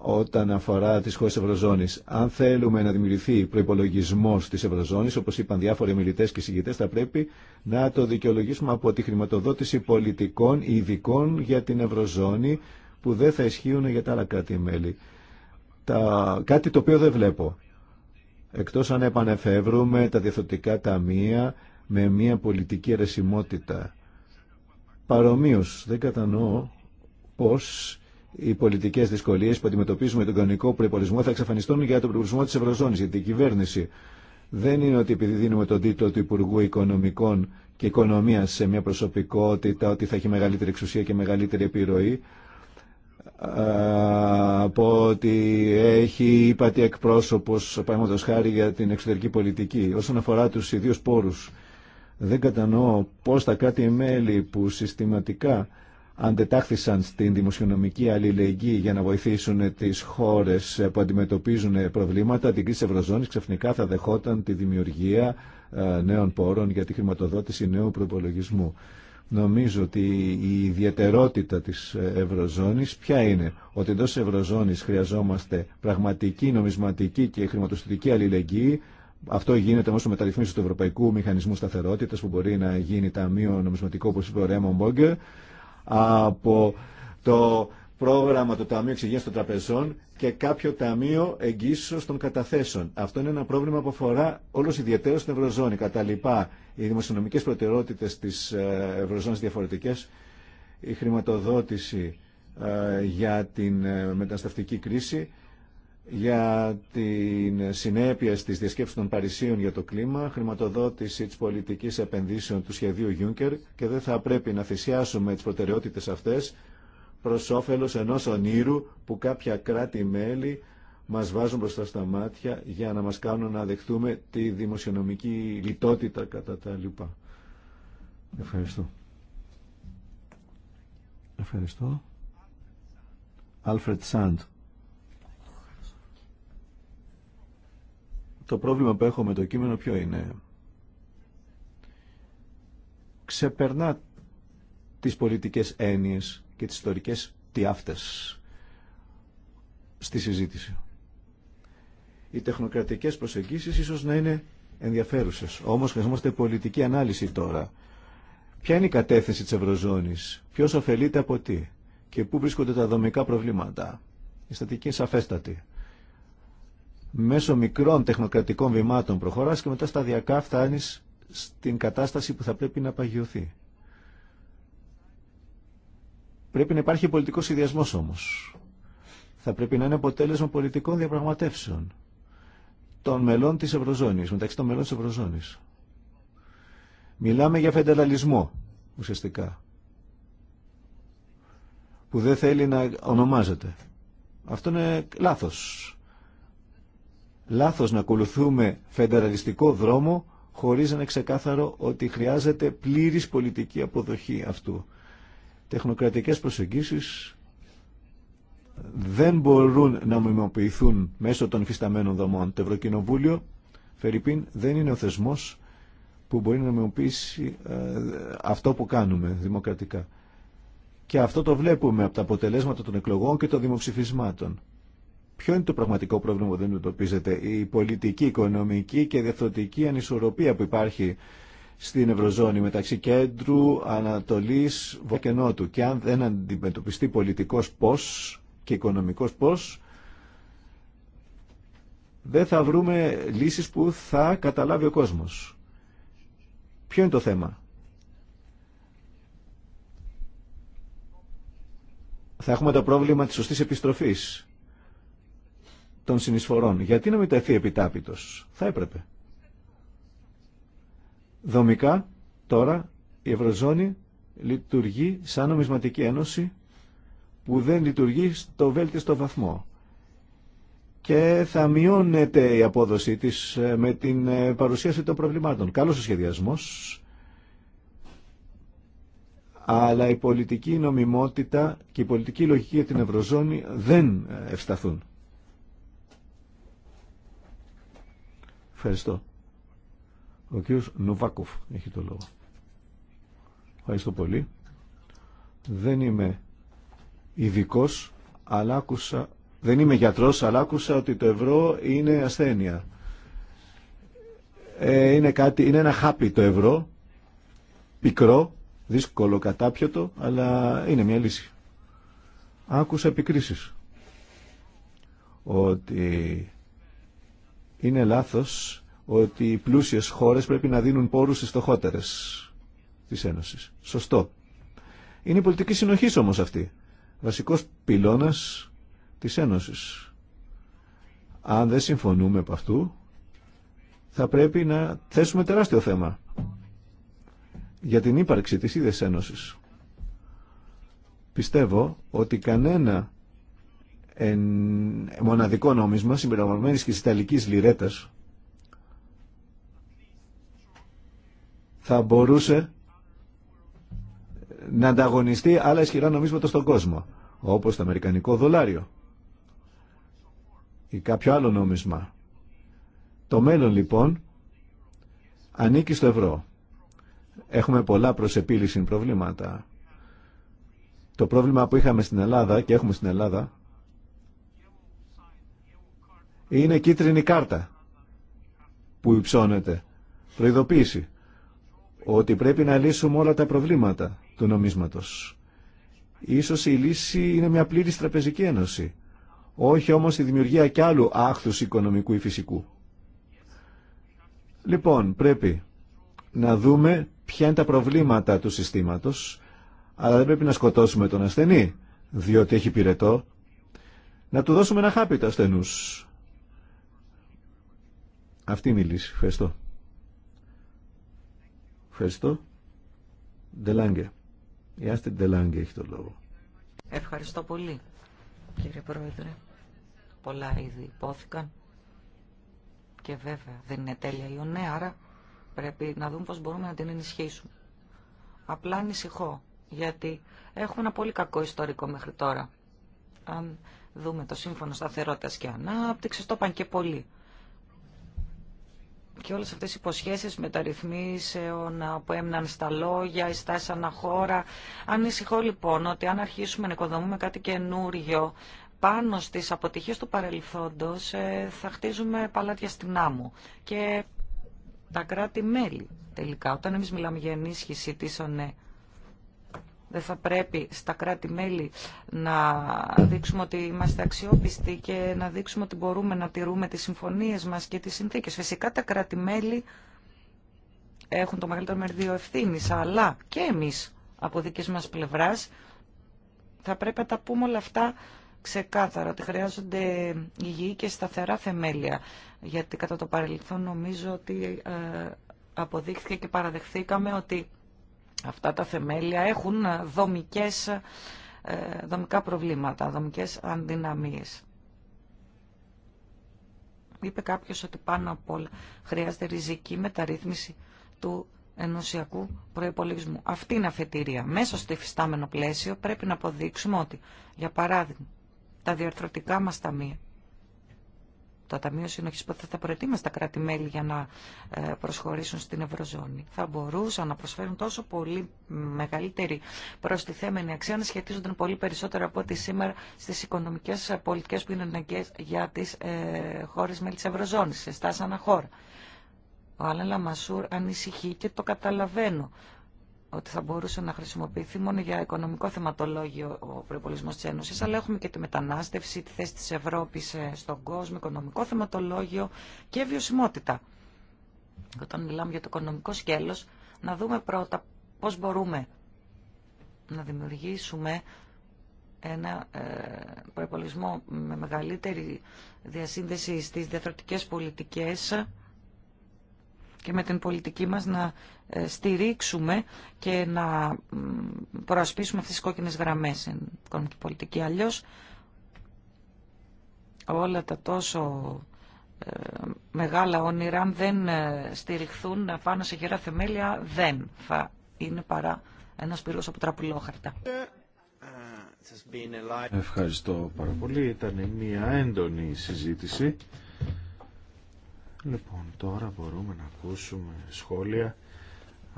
όταν αφορά τις χώρες Ευρωζώνης. Αν θέλουμε να δημιουργηθεί προϋπολογισμός της Ευρωζώνης, όπως είπαν διάφοροι μιλητές και συγκητές, θα πρέπει να το δικαιολογήσουμε από τη χρηματοδότηση πολιτικών ειδικών για την Ευρωζώνη που δεν θα ισχύουν για τα άλλα κράτη-μέλη. Τα... Κάτι το οποίο δεν βλέπω. Εκτός αν επανεφεύρουμε τα διαθωτικά ταμεία με μια πολιτική αιρεσιμότητα. Παρομοίως δεν κατανοώ πώς οι πολιτικέ δυσκολίε που αντιμετωπίζουμε τον κανονικό προπολογισμό θα εξαφανιστούν για τον προπολογισμό τη Ευρωζώνη, γιατί η κυβέρνηση. Δεν είναι ότι επειδή δίνουμε τον τίτλο του Υπουργού Οικονομικών και Οικονομία σε μια προσωπικότητα ότι θα έχει μεγαλύτερη εξουσία και μεγαλύτερη επιρροή από ότι έχει ύπατη εκπρόσωπος παραδείγματος χάρη για την εξωτερική πολιτική όσον αφορά τους ίδιου πόρου. δεν κατανοώ πώς τα κάτι μέλη που συστηματικά αντετάχθησαν στην δημοσιονομική αλληλεγγύη για να βοηθήσουν τις χώρες που αντιμετωπίζουν προβλήματα, την κρίση Ευρωζώνης ξαφνικά θα δεχόταν τη δημιουργία ε, νέων πόρων για τη χρηματοδότηση νέου προπολογισμού. Νομίζω ότι η ιδιαιτερότητα της Ευρωζώνης ποια είναι, ότι εντός Ευρωζώνης χρειαζόμαστε πραγματική νομισματική και χρηματοστητική αλληλεγγύη, αυτό γίνεται μέσω μεταρρυθμίσεων του Ευρωπαϊκού Μηχανισμού Σταθερότητα που μπορεί να γίνει Ταμείο Νομισματικό, όπω είπε ο Ρέμον από το πρόγραμμα του Ταμείου Εξυγείας των Τραπεζών και κάποιο Ταμείο Εγγύσεως των Καταθέσεων. Αυτό είναι ένα πρόβλημα που αφορά όλους ιδιαίτερα στην Ευρωζώνη. Κατά λοιπά, οι δημοσιονομικές προτεραιότητες της ε, Ευρωζώνης διαφορετικές, η χρηματοδότηση ε, για την ε, μεταναστευτική κρίση, για την συνέπεια στις διασκέψεις των Παρισίων για το κλίμα, χρηματοδότηση της πολιτικής επενδύσεων του σχεδίου Juncker και δεν θα πρέπει να θυσιάσουμε τις προτεραιότητες αυτές προς όφελος ενός ονείρου που κάποια κράτη-μέλη μας βάζουν μπροστά στα μάτια για να μας κάνουν να δεχτούμε τη δημοσιονομική λιτότητα κατά τα λοιπά. Ευχαριστώ. Ευχαριστώ. Alfred Sand. Το πρόβλημα που έχω με το κείμενο ποιο είναι. Ξεπερνά τις πολιτικές έννοιες και τις ιστορικές τιάφτες στη συζήτηση. Οι τεχνοκρατικές προσεγγίσεις ίσως να είναι ενδιαφέρουσες, όμως χρειαζόμαστε πολιτική ανάλυση τώρα. Ποια είναι η κατεύθυνση της Ευρωζώνης, ποιος ωφελείται από τι και πού βρίσκονται τα δομικά προβλήματα. Η στατική είναι σαφέστατη μέσω μικρών τεχνοκρατικών βημάτων προχωράς και μετά σταδιακά φτάνεις στην κατάσταση που θα πρέπει να παγιωθεί. Πρέπει να υπάρχει πολιτικός ιδιασμός όμως. Θα πρέπει να είναι αποτέλεσμα πολιτικών διαπραγματεύσεων των μελών της Ευρωζώνης, μεταξύ των μελών της Ευρωζώνης. Μιλάμε για φεντεραλισμό ουσιαστικά που δεν θέλει να ονομάζεται. Αυτό είναι λάθος λάθος να ακολουθούμε φεντεραλιστικό δρόμο χωρίς να ξεκάθαρο ότι χρειάζεται πλήρης πολιτική αποδοχή αυτού. Τεχνοκρατικές προσεγγίσεις δεν μπορούν να ομοιοποιηθούν μέσω των υφισταμένων δομών. Το Ευρωκοινοβούλιο, Φερρυπίν, δεν είναι ο θεσμός που μπορεί να ομοιοποιήσει ε, αυτό που κάνουμε δημοκρατικά. Και αυτό το βλέπουμε από τα αποτελέσματα των εκλογών και των δημοψηφισμάτων. Ποιο είναι το πραγματικό πρόβλημα που δεν εντοπίζεται, η πολιτική, οικονομική και διαφθορτική ανισορροπία που υπάρχει στην Ευρωζώνη μεταξύ κέντρου, Ανατολής Βοκενότου Και αν δεν αντιμετωπιστεί πολιτικός πώς και οικονομικός πώς, δεν θα βρούμε λύσεις που θα καταλάβει ο κόσμος. Ποιο είναι το θέμα. Θα έχουμε το πρόβλημα της σωστής επιστροφής των συνεισφορών. Γιατί να μην τεθεί επιτάπητος. Θα έπρεπε. Δομικά τώρα η Ευρωζώνη λειτουργεί σαν νομισματική ένωση που δεν λειτουργεί στο βέλτιστο βαθμό. Και θα μειώνεται η απόδοσή της ε, με την ε, παρουσίαση των προβλημάτων. Καλός ο σχεδιασμός, αλλά η πολιτική νομιμότητα και η πολιτική λογική για την Ευρωζώνη δεν ε, ευσταθούν. Ευχαριστώ. Ο κύριος Νουβάκοφ έχει το λόγο. Ευχαριστώ πολύ. Δεν είμαι ειδικό, αλλά άκουσα, δεν είμαι γιατρός, αλλά άκουσα ότι το ευρώ είναι ασθένεια. Ε, είναι, κάτι, είναι ένα χάπι το ευρώ, πικρό, δύσκολο κατάπιωτο, αλλά είναι μια λύση. Άκουσα επικρίσεις ότι είναι λάθος ότι οι πλούσιες χώρες πρέπει να δίνουν πόρους στις στοχότερες της Ένωσης. Σωστό. Είναι η πολιτική συνοχής όμως αυτή. Βασικός πυλώνας της Ένωσης. Αν δεν συμφωνούμε από αυτού, θα πρέπει να θέσουμε τεράστιο θέμα για την ύπαρξη της ίδιας Ένωσης. Πιστεύω ότι κανένα μοναδικό νόμισμα συμπεριλαμβανομένης και της Ιταλικής Λιρέτας θα μπορούσε να ανταγωνιστεί άλλα ισχυρά νομίσματα στον κόσμο όπως το αμερικανικό δολάριο ή κάποιο άλλο νόμισμα. Το μέλλον λοιπόν ανήκει στο ευρώ. Έχουμε πολλά προς επίλυση προβλήματα. Το πρόβλημα που είχαμε στην Ελλάδα και έχουμε στην Ελλάδα είναι κίτρινη κάρτα που υψώνεται. Προειδοποίηση ότι πρέπει να λύσουμε όλα τα προβλήματα του νομίσματος. Ίσως η λύση είναι μια πλήρης τραπεζική ένωση, όχι όμως η δημιουργία κι άλλου άχθους οικονομικού ή φυσικού. Λοιπόν, πρέπει να δούμε ποια είναι τα προβλήματα του συστήματος, αλλά δεν πρέπει να σκοτώσουμε τον ασθενή, διότι έχει πυρετό, να του δώσουμε ένα χάπι του ασθενούς αυτή είναι η λύση. Ευχαριστώ. Ευχαριστώ. Ντελάγκε. Η Άστη Ντελάγκε έχει το λόγο. Ευχαριστώ πολύ, κύριε Πρόεδρε. Πολλά ήδη υπόθηκαν και βέβαια δεν είναι τέλεια η ΟΝΕ, άρα πρέπει να δούμε πώς μπορούμε να την ενισχύσουμε. Απλά ανησυχώ, γιατί έχουμε ένα πολύ κακό ιστορικό μέχρι τώρα. Αν δούμε το Σύμφωνο Σταθερότητας και Ανάπτυξης, το πάνε και πολλοί και όλες αυτές οι υποσχέσεις μεταρρυθμίσεων που έμειναν στα λόγια, οι στάσεις αναχώρα. Ανησυχώ λοιπόν ότι αν αρχίσουμε να οικοδομούμε κάτι καινούριο πάνω στις αποτυχίες του παρελθόντος ε, θα χτίζουμε παλάτια στην άμμο και τα κράτη-μέλη τελικά. Όταν εμείς μιλάμε για ενίσχυση της δεν θα πρέπει στα κράτη-μέλη να δείξουμε ότι είμαστε αξιόπιστοι και να δείξουμε ότι μπορούμε να τηρούμε τις συμφωνίες μας και τις συνθήκες. Φυσικά τα κράτη-μέλη έχουν το μεγαλύτερο μερδίο ευθύνη, αλλά και εμείς από δικής μας πλευράς θα πρέπει να τα πούμε όλα αυτά ξεκάθαρα, ότι χρειάζονται υγιή και σταθερά θεμέλια, γιατί κατά το παρελθόν νομίζω ότι ε, αποδείχθηκε και παραδεχθήκαμε ότι αυτά τα θεμέλια έχουν ε, δομικές, ε, δομικά προβλήματα, δομικές αντιναμίες. Είπε κάποιος ότι πάνω απ' όλα χρειάζεται ριζική μεταρρύθμιση του ενωσιακού προϋπολογισμού. Αυτή είναι αφετηρία. Μέσα στο υφιστάμενο πλαίσιο πρέπει να αποδείξουμε ότι, για παράδειγμα, τα διορθωτικά μας ταμεία το Ταμείο Συνοχής που θα προετοίμασε τα κράτη-μέλη για να ε, προσχωρήσουν στην Ευρωζώνη. Θα μπορούσαν να προσφέρουν τόσο πολύ μεγαλύτερη προστιθέμενη αξία να σχετίζονται πολύ περισσότερο από ό,τι σήμερα στις οικονομικές πολιτικές που είναι αναγκαίες για τις ε, χώρες μέλη της Ευρωζώνης, σε στάση αναχώρα. Ο Αλέλα Λαμασούρ ανησυχεί και το καταλαβαίνω ότι θα μπορούσε να χρησιμοποιηθεί μόνο για οικονομικό θεματολόγιο ο προπολογισμό τη Ένωση, αλλά έχουμε και τη μετανάστευση, τη θέση τη Ευρώπη στον κόσμο, οικονομικό θεματολόγιο και βιωσιμότητα. Όταν μιλάμε για το οικονομικό σκέλο, να δούμε πρώτα πώ μπορούμε να δημιουργήσουμε ένα ε, με μεγαλύτερη διασύνδεση στις διαθροτικές πολιτικές και με την πολιτική μας να ε, στηρίξουμε και να προασπίσουμε αυτές τις κόκκινες γραμμές στην οικονομική πολιτική. Αλλιώς όλα τα τόσο ε, μεγάλα όνειρα αν δεν ε, στηριχθούν πάνω σε γερά θεμέλια δεν θα είναι παρά ένας πυρός από τραπουλόχαρτα. Ευχαριστώ πάρα πολύ. Ήταν μια έντονη συζήτηση. Λοιπόν, τώρα μπορούμε να ακούσουμε σχόλια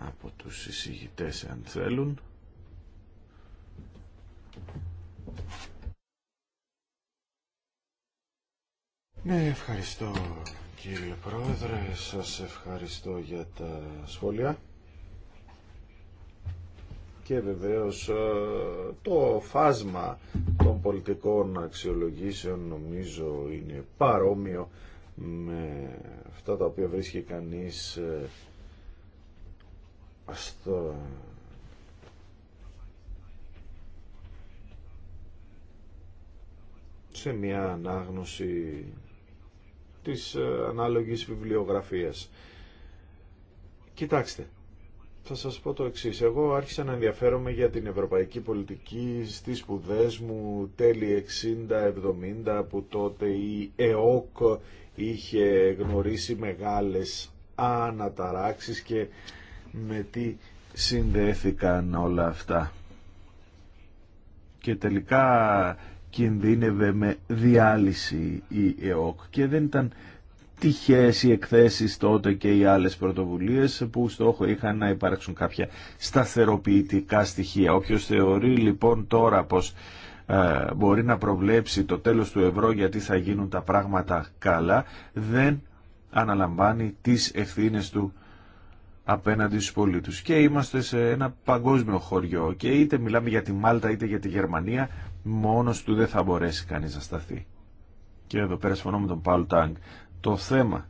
από τους εισηγητές αν θέλουν. Ναι, ευχαριστώ κύριε Πρόεδρε, σας ευχαριστώ για τα σχόλια. Και βεβαίως ε, το φάσμα των πολιτικών αξιολογήσεων νομίζω είναι παρόμοιο με αυτά τα οποία βρίσκει κανείς ε, σε μια ανάγνωση της ε, ανάλογης βιβλιογραφίας. Κοιτάξτε, θα σας πω το εξής. Εγώ άρχισα να ενδιαφέρομαι για την ευρωπαϊκή πολιτική στις σπουδέ μου τέλη 60-70 που τότε η ΕΟΚ είχε γνωρίσει μεγάλες αναταράξεις και με τι συνδέθηκαν όλα αυτά. Και τελικά κινδύνευε με διάλυση η ΕΟΚ και δεν ήταν τυχές οι εκθέσεις τότε και οι άλλες πρωτοβουλίες που στόχο είχαν να υπάρξουν κάποια σταθεροποιητικά στοιχεία. Όποιος θεωρεί λοιπόν τώρα πως ε, μπορεί να προβλέψει το τέλος του ευρώ γιατί θα γίνουν τα πράγματα καλά δεν αναλαμβάνει τις ευθύνες του απέναντι στους πολίτους. Και είμαστε σε ένα παγκόσμιο χωριό και είτε μιλάμε για τη Μάλτα είτε για τη Γερμανία, μόνος του δεν θα μπορέσει κανείς να σταθεί. Και εδώ πέρα συμφωνώ με τον Παουλ Τάγκ. Το θέμα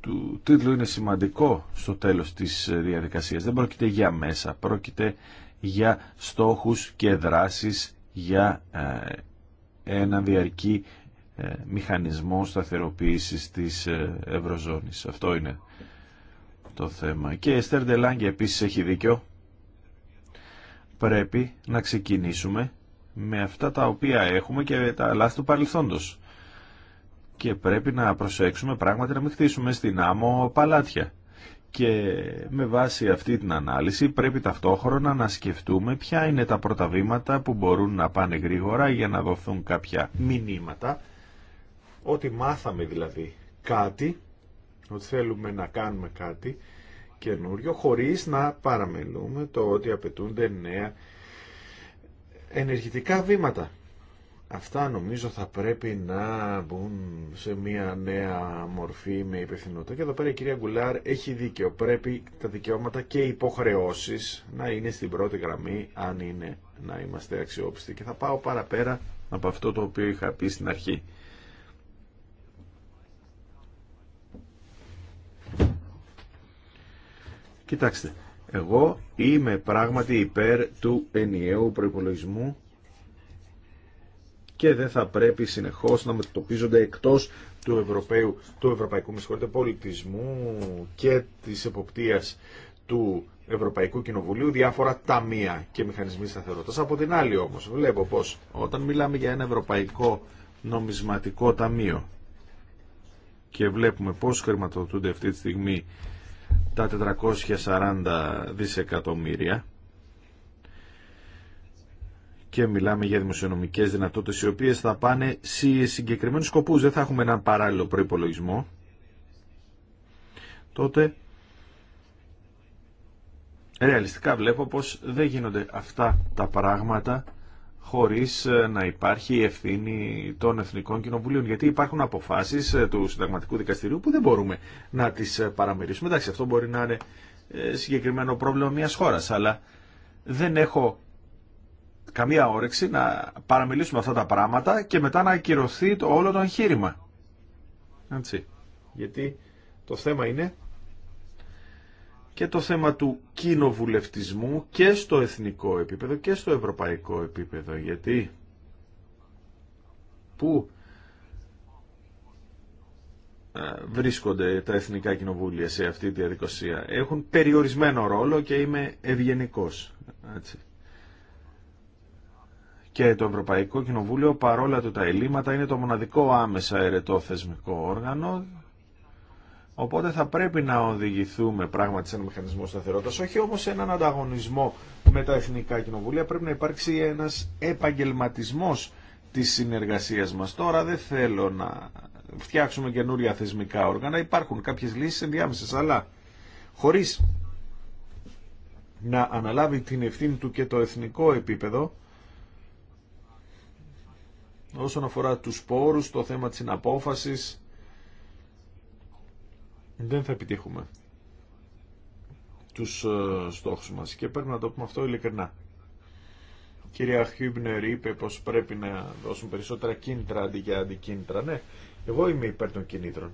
του τίτλου είναι σημαντικό στο τέλος της διαδικασίας. Δεν πρόκειται για μέσα, πρόκειται για στόχους και δράσεις για ε, ένα διαρκή ε, μηχανισμό σταθεροποίησης της ε, Ευρωζώνης. Αυτό είναι το θέμα. Και η Εστέρ Ντελάγκη επίσης έχει δίκιο. Πρέπει να ξεκινήσουμε με αυτά τα οποία έχουμε και τα λάθη του παρελθόντος. Και πρέπει να προσέξουμε πράγματι να μην χτίσουμε στην άμμο παλάτια. Και με βάση αυτή την ανάλυση πρέπει ταυτόχρονα να σκεφτούμε ποια είναι τα πρώτα που μπορούν να πάνε γρήγορα για να δοθούν κάποια μηνύματα, ότι μάθαμε δηλαδή κάτι ότι θέλουμε να κάνουμε κάτι καινούριο χωρίς να παραμελούμε το ότι απαιτούνται νέα ενεργητικά βήματα. Αυτά νομίζω θα πρέπει να μπουν σε μια νέα μορφή με υπευθυνότητα. Και εδώ πέρα η κυρία Γκουλάρ έχει δίκιο. Πρέπει τα δικαιώματα και οι υποχρεώσεις να είναι στην πρώτη γραμμή αν είναι να είμαστε αξιόπιστοι. Και θα πάω παραπέρα από αυτό το οποίο είχα πει στην αρχή. Κοιτάξτε, εγώ είμαι πράγματι υπέρ του ενιαίου προϋπολογισμού και δεν θα πρέπει συνεχώς να μετατοπίζονται εκτός του, Ευρωπαϊκού του ευρωπαϊκού πολιτισμού και της εποπτείας του Ευρωπαϊκού Κοινοβουλίου διάφορα ταμεία και μηχανισμοί σταθερότητας. Από την άλλη όμως βλέπω πως όταν μιλάμε για ένα ευρωπαϊκό νομισματικό ταμείο και βλέπουμε πώς χρηματοδοτούνται αυτή τη στιγμή τα 440 δισεκατομμύρια και μιλάμε για δημοσιονομικές δυνατότητες οι οποίες θα πάνε σε συγκεκριμένους σκοπούς, δεν θα έχουμε έναν παράλληλο προϋπολογισμό, τότε ρεαλιστικά βλέπω πως δεν γίνονται αυτά τα πράγματα χωρίς ε, να υπάρχει η ευθύνη των Εθνικών Κοινοβουλίων. Γιατί υπάρχουν αποφάσεις ε, του Συνταγματικού Δικαστηρίου που δεν μπορούμε να τις ε, παραμερίσουμε. Εντάξει, αυτό μπορεί να είναι συγκεκριμένο πρόβλημα μιας χώρας, αλλά δεν έχω καμία όρεξη να παραμελήσουμε αυτά τα πράγματα και μετά να ακυρωθεί το όλο το εγχείρημα. Γιατί το θέμα είναι και το θέμα του κοινοβουλευτισμού και στο εθνικό επίπεδο και στο ευρωπαϊκό επίπεδο. Γιατί πού ε, βρίσκονται τα εθνικά κοινοβούλια σε αυτή τη διαδικασία. Έχουν περιορισμένο ρόλο και είμαι ευγενικός. Και το Ευρωπαϊκό Κοινοβούλιο παρόλα του τα ελλείμματα είναι το μοναδικό άμεσα ερετό θεσμικό όργανο Οπότε θα πρέπει να οδηγηθούμε πράγματι σε ένα μηχανισμό σταθερότητα, όχι όμω σε έναν ανταγωνισμό με τα εθνικά κοινοβούλια. Πρέπει να υπάρξει ένα επαγγελματισμό τη συνεργασία μα. Τώρα δεν θέλω να φτιάξουμε καινούρια θεσμικά όργανα. Υπάρχουν κάποιε λύσει ενδιάμεσε, αλλά χωρί να αναλάβει την ευθύνη του και το εθνικό επίπεδο όσον αφορά τους πόρους, το θέμα της συναπόφασης, δεν θα επιτύχουμε τους ε, στόχους μας και πρέπει να το πούμε αυτό ειλικρινά. Η κυρία Χιούμπνερ είπε πως πρέπει να δώσουν περισσότερα κίνητρα αντί για αντικίνητρα. Ναι, εγώ είμαι υπέρ των κινήτρων.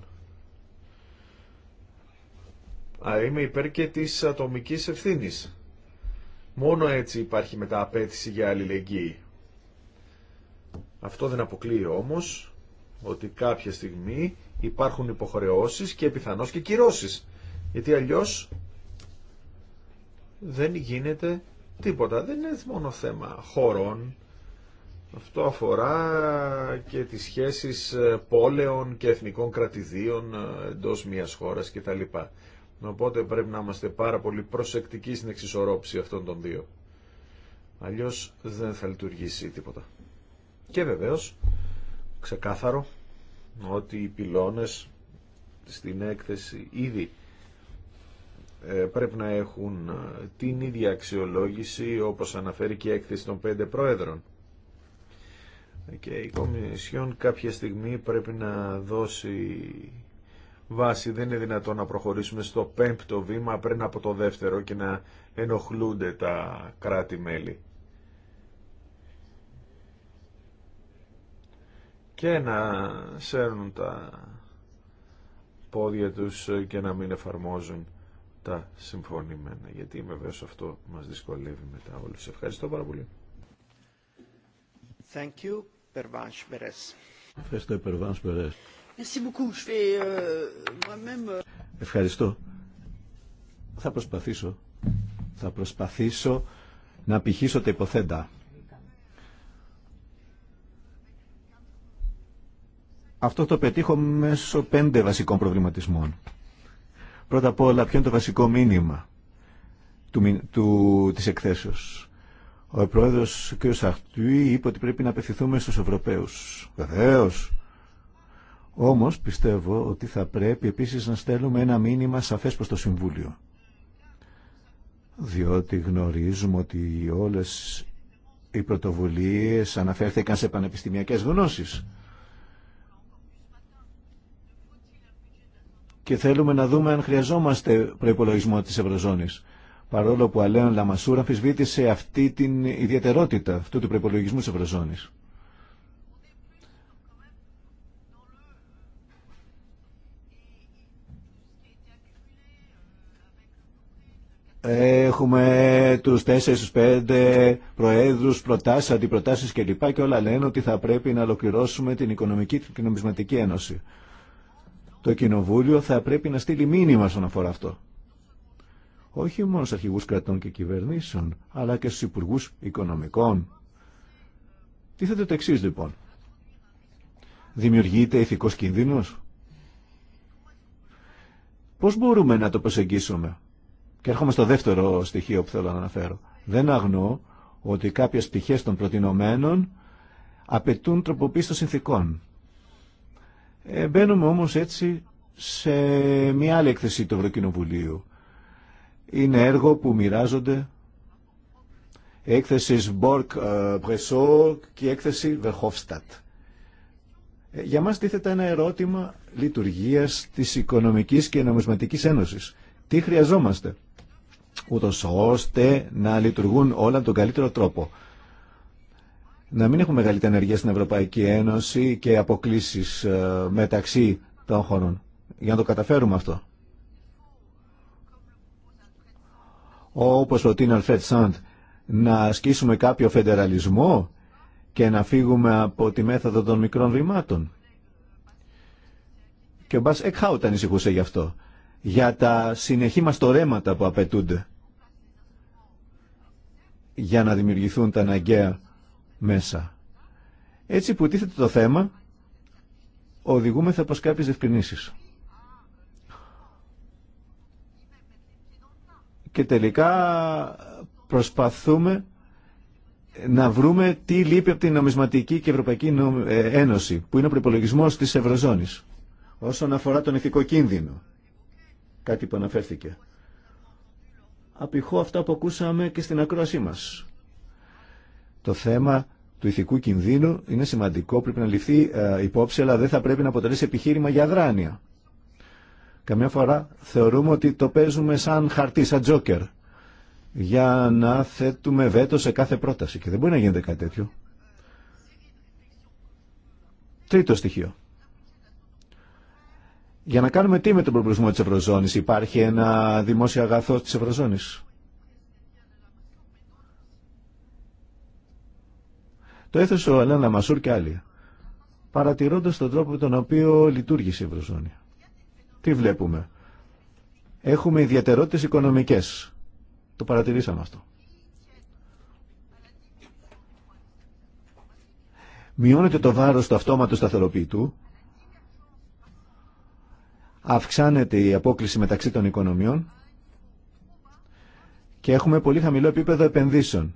Α, είμαι υπέρ και της ατομικής ευθύνης. Μόνο έτσι υπάρχει μετά απέτηση για αλληλεγγύη. Αυτό δεν αποκλείει όμως ότι κάποια στιγμή υπάρχουν υποχρεώσεις και πιθανώς και κυρώσεις. Γιατί αλλιώς δεν γίνεται τίποτα. Δεν είναι μόνο θέμα χωρών. Αυτό αφορά και τις σχέσεις ε, πόλεων και εθνικών κρατηδίων ε, εντός μιας χώρας κτλ. Οπότε πρέπει να είμαστε πάρα πολύ προσεκτικοί στην εξισορρόψη αυτών των δύο. Αλλιώς δεν θα λειτουργήσει τίποτα. Και βεβαίως ξεκάθαρο ότι οι πυλώνες στην έκθεση ήδη ε, πρέπει να έχουν ε, την ίδια αξιολόγηση όπως αναφέρει και η έκθεση των πέντε πρόεδρων. Και η Κομισιόν κάποια στιγμή πρέπει να δώσει βάση. Δεν είναι δυνατόν να προχωρήσουμε στο πέμπτο βήμα πριν από το δεύτερο και να ενοχλούνται τα κράτη-μέλη. και να σέρνουν τα πόδια τους και να μην εφαρμόζουν τα συμφωνημένα. Γιατί βεβαίως, αυτό μας δυσκολεύει μετά όλους. Ευχαριστώ πάρα πολύ. Thank you, Ευχαριστώ, euh, euh, Ευχαριστώ. Θα προσπαθήσω, θα προσπαθήσω να πηχήσω τα υποθέντα. Αυτό το πετύχω μέσω πέντε βασικών προβληματισμών. Πρώτα απ' όλα, ποιο είναι το βασικό μήνυμα του, του, της εκθέσεως. Ο πρόεδρος κ. Σαχτουή είπε ότι πρέπει να απευθυνθούμε στους Ευρωπαίους. Βεβαίω. Όμως πιστεύω ότι θα πρέπει επίσης να στέλνουμε ένα μήνυμα σαφές προς το Συμβούλιο. Διότι γνωρίζουμε ότι όλες οι πρωτοβουλίες αναφέρθηκαν σε πανεπιστημιακές γνώσεις και θέλουμε να δούμε αν χρειαζόμαστε προπολογισμό τη Ευρωζώνης. Παρόλο που Αλέων Λαμασούρα αμφισβήτησε αυτή την ιδιαιτερότητα αυτού του προπολογισμού τη Ευρωζώνης. Έχουμε τους 4 τους 5 προέδρους, προτάσεις, αντιπροτάσεις κλπ. Και όλα λένε ότι θα πρέπει να ολοκληρώσουμε την Οικονομική και Νομισματική Ένωση. Το Κοινοβούλιο θα πρέπει να στείλει μήνυμα στον αφορά αυτό. Όχι μόνο στους αρχηγούς κρατών και κυβερνήσεων, αλλά και στους υπουργούς οικονομικών. Τι θέτε το εξή λοιπόν. Δημιουργείται ηθικός κίνδυνος. Πώς μπορούμε να το προσεγγίσουμε. Και έρχομαι στο δεύτερο στοιχείο που θέλω να αναφέρω. Δεν αγνώ ότι κάποιες πτυχές των προτινομένων απαιτούν τροποποίηση των συνθήκων. Ε, μπαίνουμε όμως έτσι σε μια άλλη έκθεση του Ευρωκοινοβουλίου. Είναι έργο που μοιράζονται έκθεση Μπορκ Μπορ-πρεσό και έκθεση Βερχόφστατ. Για μας τίθεται ένα ερώτημα λειτουργίας της Οικονομικής και Νομισματικής Ένωσης. Τι χρειαζόμαστε, ούτως ώστε να λειτουργούν όλα τον καλύτερο τρόπο να μην έχουμε μεγαλύτερη ενεργεία στην Ευρωπαϊκή Ένωση και αποκλήσεις ε, μεταξύ των χωρών. Για να το καταφέρουμε αυτό. Όπως προτείνει ο Αλφέτ Σαντ, να ασκήσουμε κάποιο φεντεραλισμό και να φύγουμε από τη μέθοδο των μικρών βημάτων. Και ο Μπάς Εκχάουτ ανησυχούσε γι' αυτό. Για τα συνεχή μας τορέματα που απαιτούνται για να δημιουργηθούν τα αναγκαία μέσα. Έτσι που τίθεται το θέμα, οδηγούμεθα προς κάποιες διευκρινήσεις. Και τελικά προσπαθούμε να βρούμε τι λείπει από την Νομισματική και Ευρωπαϊκή ε, Ένωση, που είναι ο προπολογισμό της Ευρωζώνης, όσον αφορά τον ηθικό κίνδυνο. Κάτι που αναφέρθηκε. Απηχώ αυτά που ακούσαμε και στην ακρόασή μας. Το θέμα του ηθικού κινδύνου είναι σημαντικό, πρέπει να ληφθεί ε, υπόψη, αλλά δεν θα πρέπει να αποτελέσει επιχείρημα για δράνεια. Καμιά φορά θεωρούμε ότι το παίζουμε σαν χαρτί, σαν τζόκερ, για να θέτουμε βέτο σε κάθε πρόταση και δεν μπορεί να γίνεται κάτι τέτοιο. Τρίτο στοιχείο. Για να κάνουμε τι με τον προβλησμό της Ευρωζώνης, υπάρχει ένα δημόσιο αγαθό της Ευρωζώνης. Το έθεσε ο Αλένα Μασούρ και άλλοι, παρατηρώντας τον τρόπο με τον οποίο λειτουργήσε η Ευρωζώνη. Τι βλέπουμε. Έχουμε ιδιαιτερότητε οικονομικές. Το παρατηρήσαμε αυτό. Μειώνεται το βάρος του αυτόματου σταθεροποιητού, αυξάνεται η απόκληση μεταξύ των οικονομιών και έχουμε πολύ χαμηλό επίπεδο επενδύσεων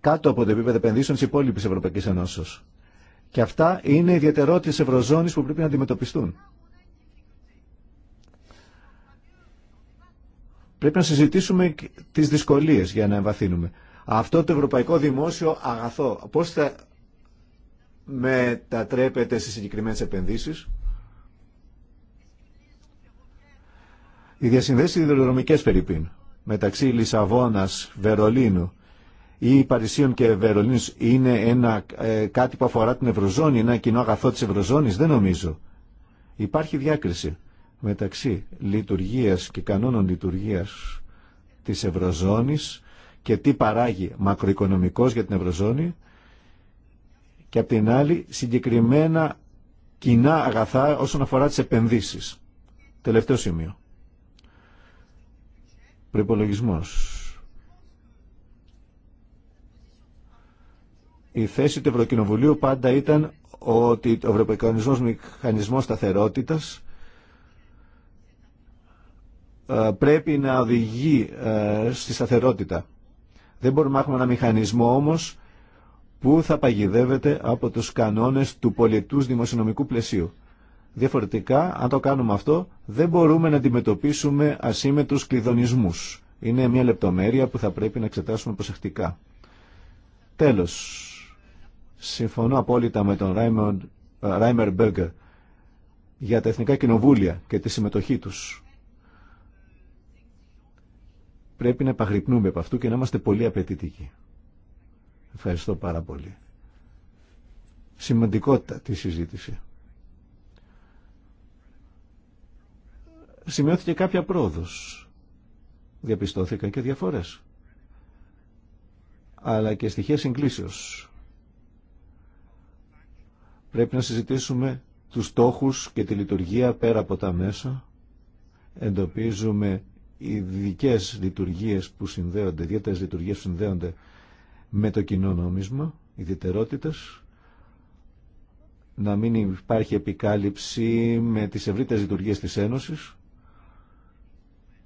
κάτω από το επίπεδο επενδύσεων τη υπόλοιπη Ευρωπαϊκή Ενώσεω. Και αυτά είναι ιδιαιτερότητε τη Ευρωζώνη που πρέπει να αντιμετωπιστούν. Πρέπει να συζητήσουμε τι δυσκολίε για να εμβαθύνουμε. Αυτό το ευρωπαϊκό δημόσιο αγαθό, πώ θα μετατρέπεται σε συγκεκριμένε επενδύσει. Οι διασυνδέσει ιδεοδρομικέ περίπου μεταξύ Λισαβόνα, Βερολίνου ή Παρισίων και Βερολίνου είναι ένα, ε, κάτι που αφορά την Ευρωζώνη, ένα κοινό αγαθό τη Ευρωζώνης, δεν νομίζω. Υπάρχει διάκριση μεταξύ λειτουργία και κανόνων λειτουργία της Ευρωζώνης και τι παράγει μακροοικονομικό για την Ευρωζώνη και απ' την άλλη συγκεκριμένα κοινά αγαθά όσον αφορά τις επενδύσεις. Τελευταίο σημείο. Προπολογισμό Η θέση του Ευρωκοινοβουλίου πάντα ήταν ότι ο Ευρωπαϊκό μηχανισμός σταθερότητας ε, πρέπει να οδηγεί ε, στη σταθερότητα. Δεν μπορούμε να έχουμε ένα μηχανισμό όμως που θα παγιδεύεται από τους κανόνες του πολιτούς δημοσιονομικού πλαισίου. Διαφορετικά, αν το κάνουμε αυτό, δεν μπορούμε να αντιμετωπίσουμε ασύμετρους κλειδονισμούς. Είναι μια λεπτομέρεια που θα πρέπει να εξετάσουμε προσεκτικά. Τέλος, Συμφωνώ απόλυτα με τον Ράιμερ Μπέργκερ για τα εθνικά κοινοβούλια και τη συμμετοχή τους. Πρέπει να επαγρυπνούμε από αυτού και να είμαστε πολύ απαιτητικοί. Ευχαριστώ πάρα πολύ. Σημαντικότητα τη συζήτηση. Σημειώθηκε κάποια πρόοδος. Διαπιστώθηκαν και διαφορές. Αλλά και στοιχεία συγκλήσεως Πρέπει να συζητήσουμε τους στόχους και τη λειτουργία πέρα από τα μέσα. Εντοπίζουμε ειδικέ λειτουργίες που συνδέονται, ιδιαίτερε λειτουργίες που συνδέονται με το κοινό νόμισμα, ιδιαιτερότητες. Να μην υπάρχει επικάλυψη με τις ευρύτερες λειτουργίες της Ένωσης.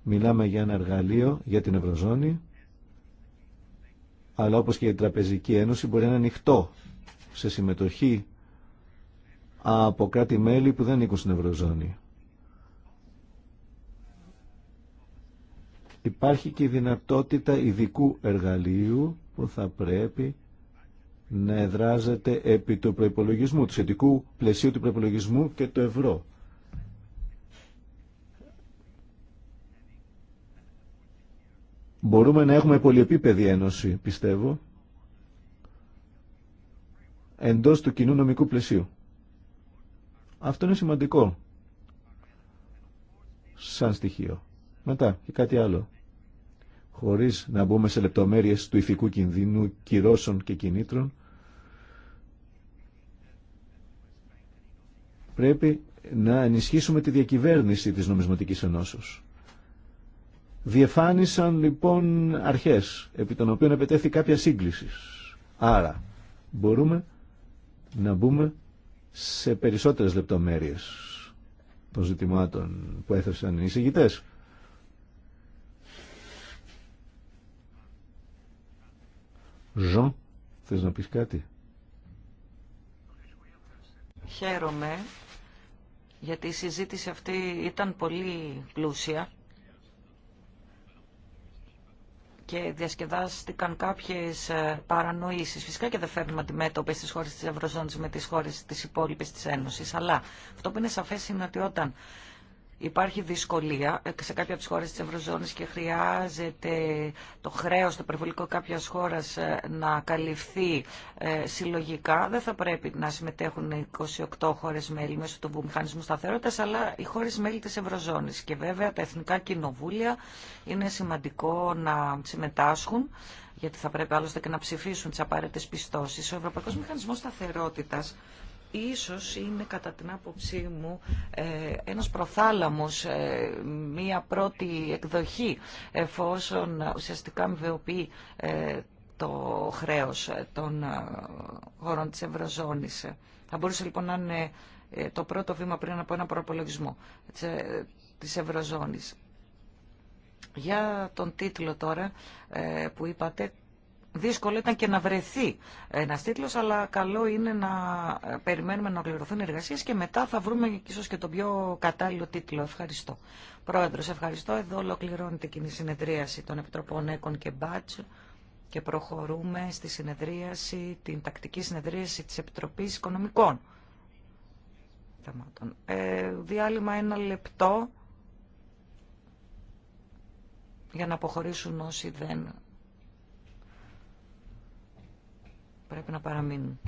Μιλάμε για ένα εργαλείο για την Ευρωζώνη, αλλά όπως και η Τραπεζική Ένωση μπορεί να είναι ανοιχτό σε συμμετοχή απο κάτι κράτη-μέλη που δεν ανήκουν στην Ευρωζώνη. Υπάρχει και η δυνατότητα ειδικού εργαλείου που θα πρέπει να εδράζεται επί του προϋπολογισμού, του σχετικού πλαισίου του προϋπολογισμού και του ευρώ. Μπορούμε να έχουμε πολυεπίπεδη ένωση, πιστεύω, εντός του κοινού νομικού πλαισίου. Αυτό είναι σημαντικό σαν στοιχείο. Μετά και κάτι άλλο. Χωρίς να μπούμε σε λεπτομέρειες του ηθικού κινδύνου, κυρώσεων και κινήτρων, πρέπει να ενισχύσουμε τη διακυβέρνηση της νομισματικής ενώσεως. Διεφάνισαν λοιπόν αρχές, επί των οποίων επετέθη κάποια σύγκληση. Άρα, μπορούμε να μπούμε σε περισσότερες λεπτομέρειες των ζητημάτων που έθεσαν οι εισηγητές. Ζω, θες να πεις κάτι? Χαίρομαι γιατί η συζήτηση αυτή ήταν πολύ πλούσια και διασκεδάστηκαν κάποιε παρανοήσει, Φυσικά και δεν φέρνουμε αντιμέτωπε στις χώρε τη Ευρωζώνη με τι χώρε τη υπόλοιπη τη Ένωση. Αλλά αυτό που είναι σαφέ είναι ότι όταν υπάρχει δυσκολία σε κάποια από τις χώρες της Ευρωζώνης και χρειάζεται το χρέος, το περιβολικό κάποιας χώρας ε, να καλυφθεί ε, συλλογικά. Δεν θα πρέπει να συμμετέχουν 28 χώρες μέλη μέσω του μηχανισμού σταθερότητας, αλλά οι χώρες μέλη της Ευρωζώνης. Και βέβαια τα εθνικά κοινοβούλια είναι σημαντικό να συμμετάσχουν γιατί θα πρέπει άλλωστε και να ψηφίσουν τις απαραίτητε πιστώσεις. Ο Ευρωπαϊκός Μηχανισμός Σταθερότητας ίσως είναι κατά την άποψή μου ε, ένας προθάλαμος, ε, μία πρώτη εκδοχή εφόσον ουσιαστικά ε, το χρέος των ε, χωρών της Ευρωζώνης. Θα μπορούσε λοιπόν να είναι το πρώτο βήμα πριν από ένα προπολογισμό της Ευρωζώνης. Για τον τίτλο τώρα που είπατε, Δύσκολο ήταν και να βρεθεί ένα τίτλο, αλλά καλό είναι να περιμένουμε να ολοκληρωθούν οι εργασίε και μετά θα βρούμε ίσω και τον πιο κατάλληλο τίτλο. Ευχαριστώ. Πρόεδρο, ευχαριστώ. Εδώ ολοκληρώνεται η συνεδρίαση των Επιτροπών ΕΚΟΝ και ΜΠΑΤΣ και προχωρούμε στη συνεδρίαση, την τακτική συνεδρίαση της Επιτροπής Οικονομικών Ε, διάλειμμα ένα λεπτό για να αποχωρήσουν όσοι δεν πρέπει να παραμείνουν.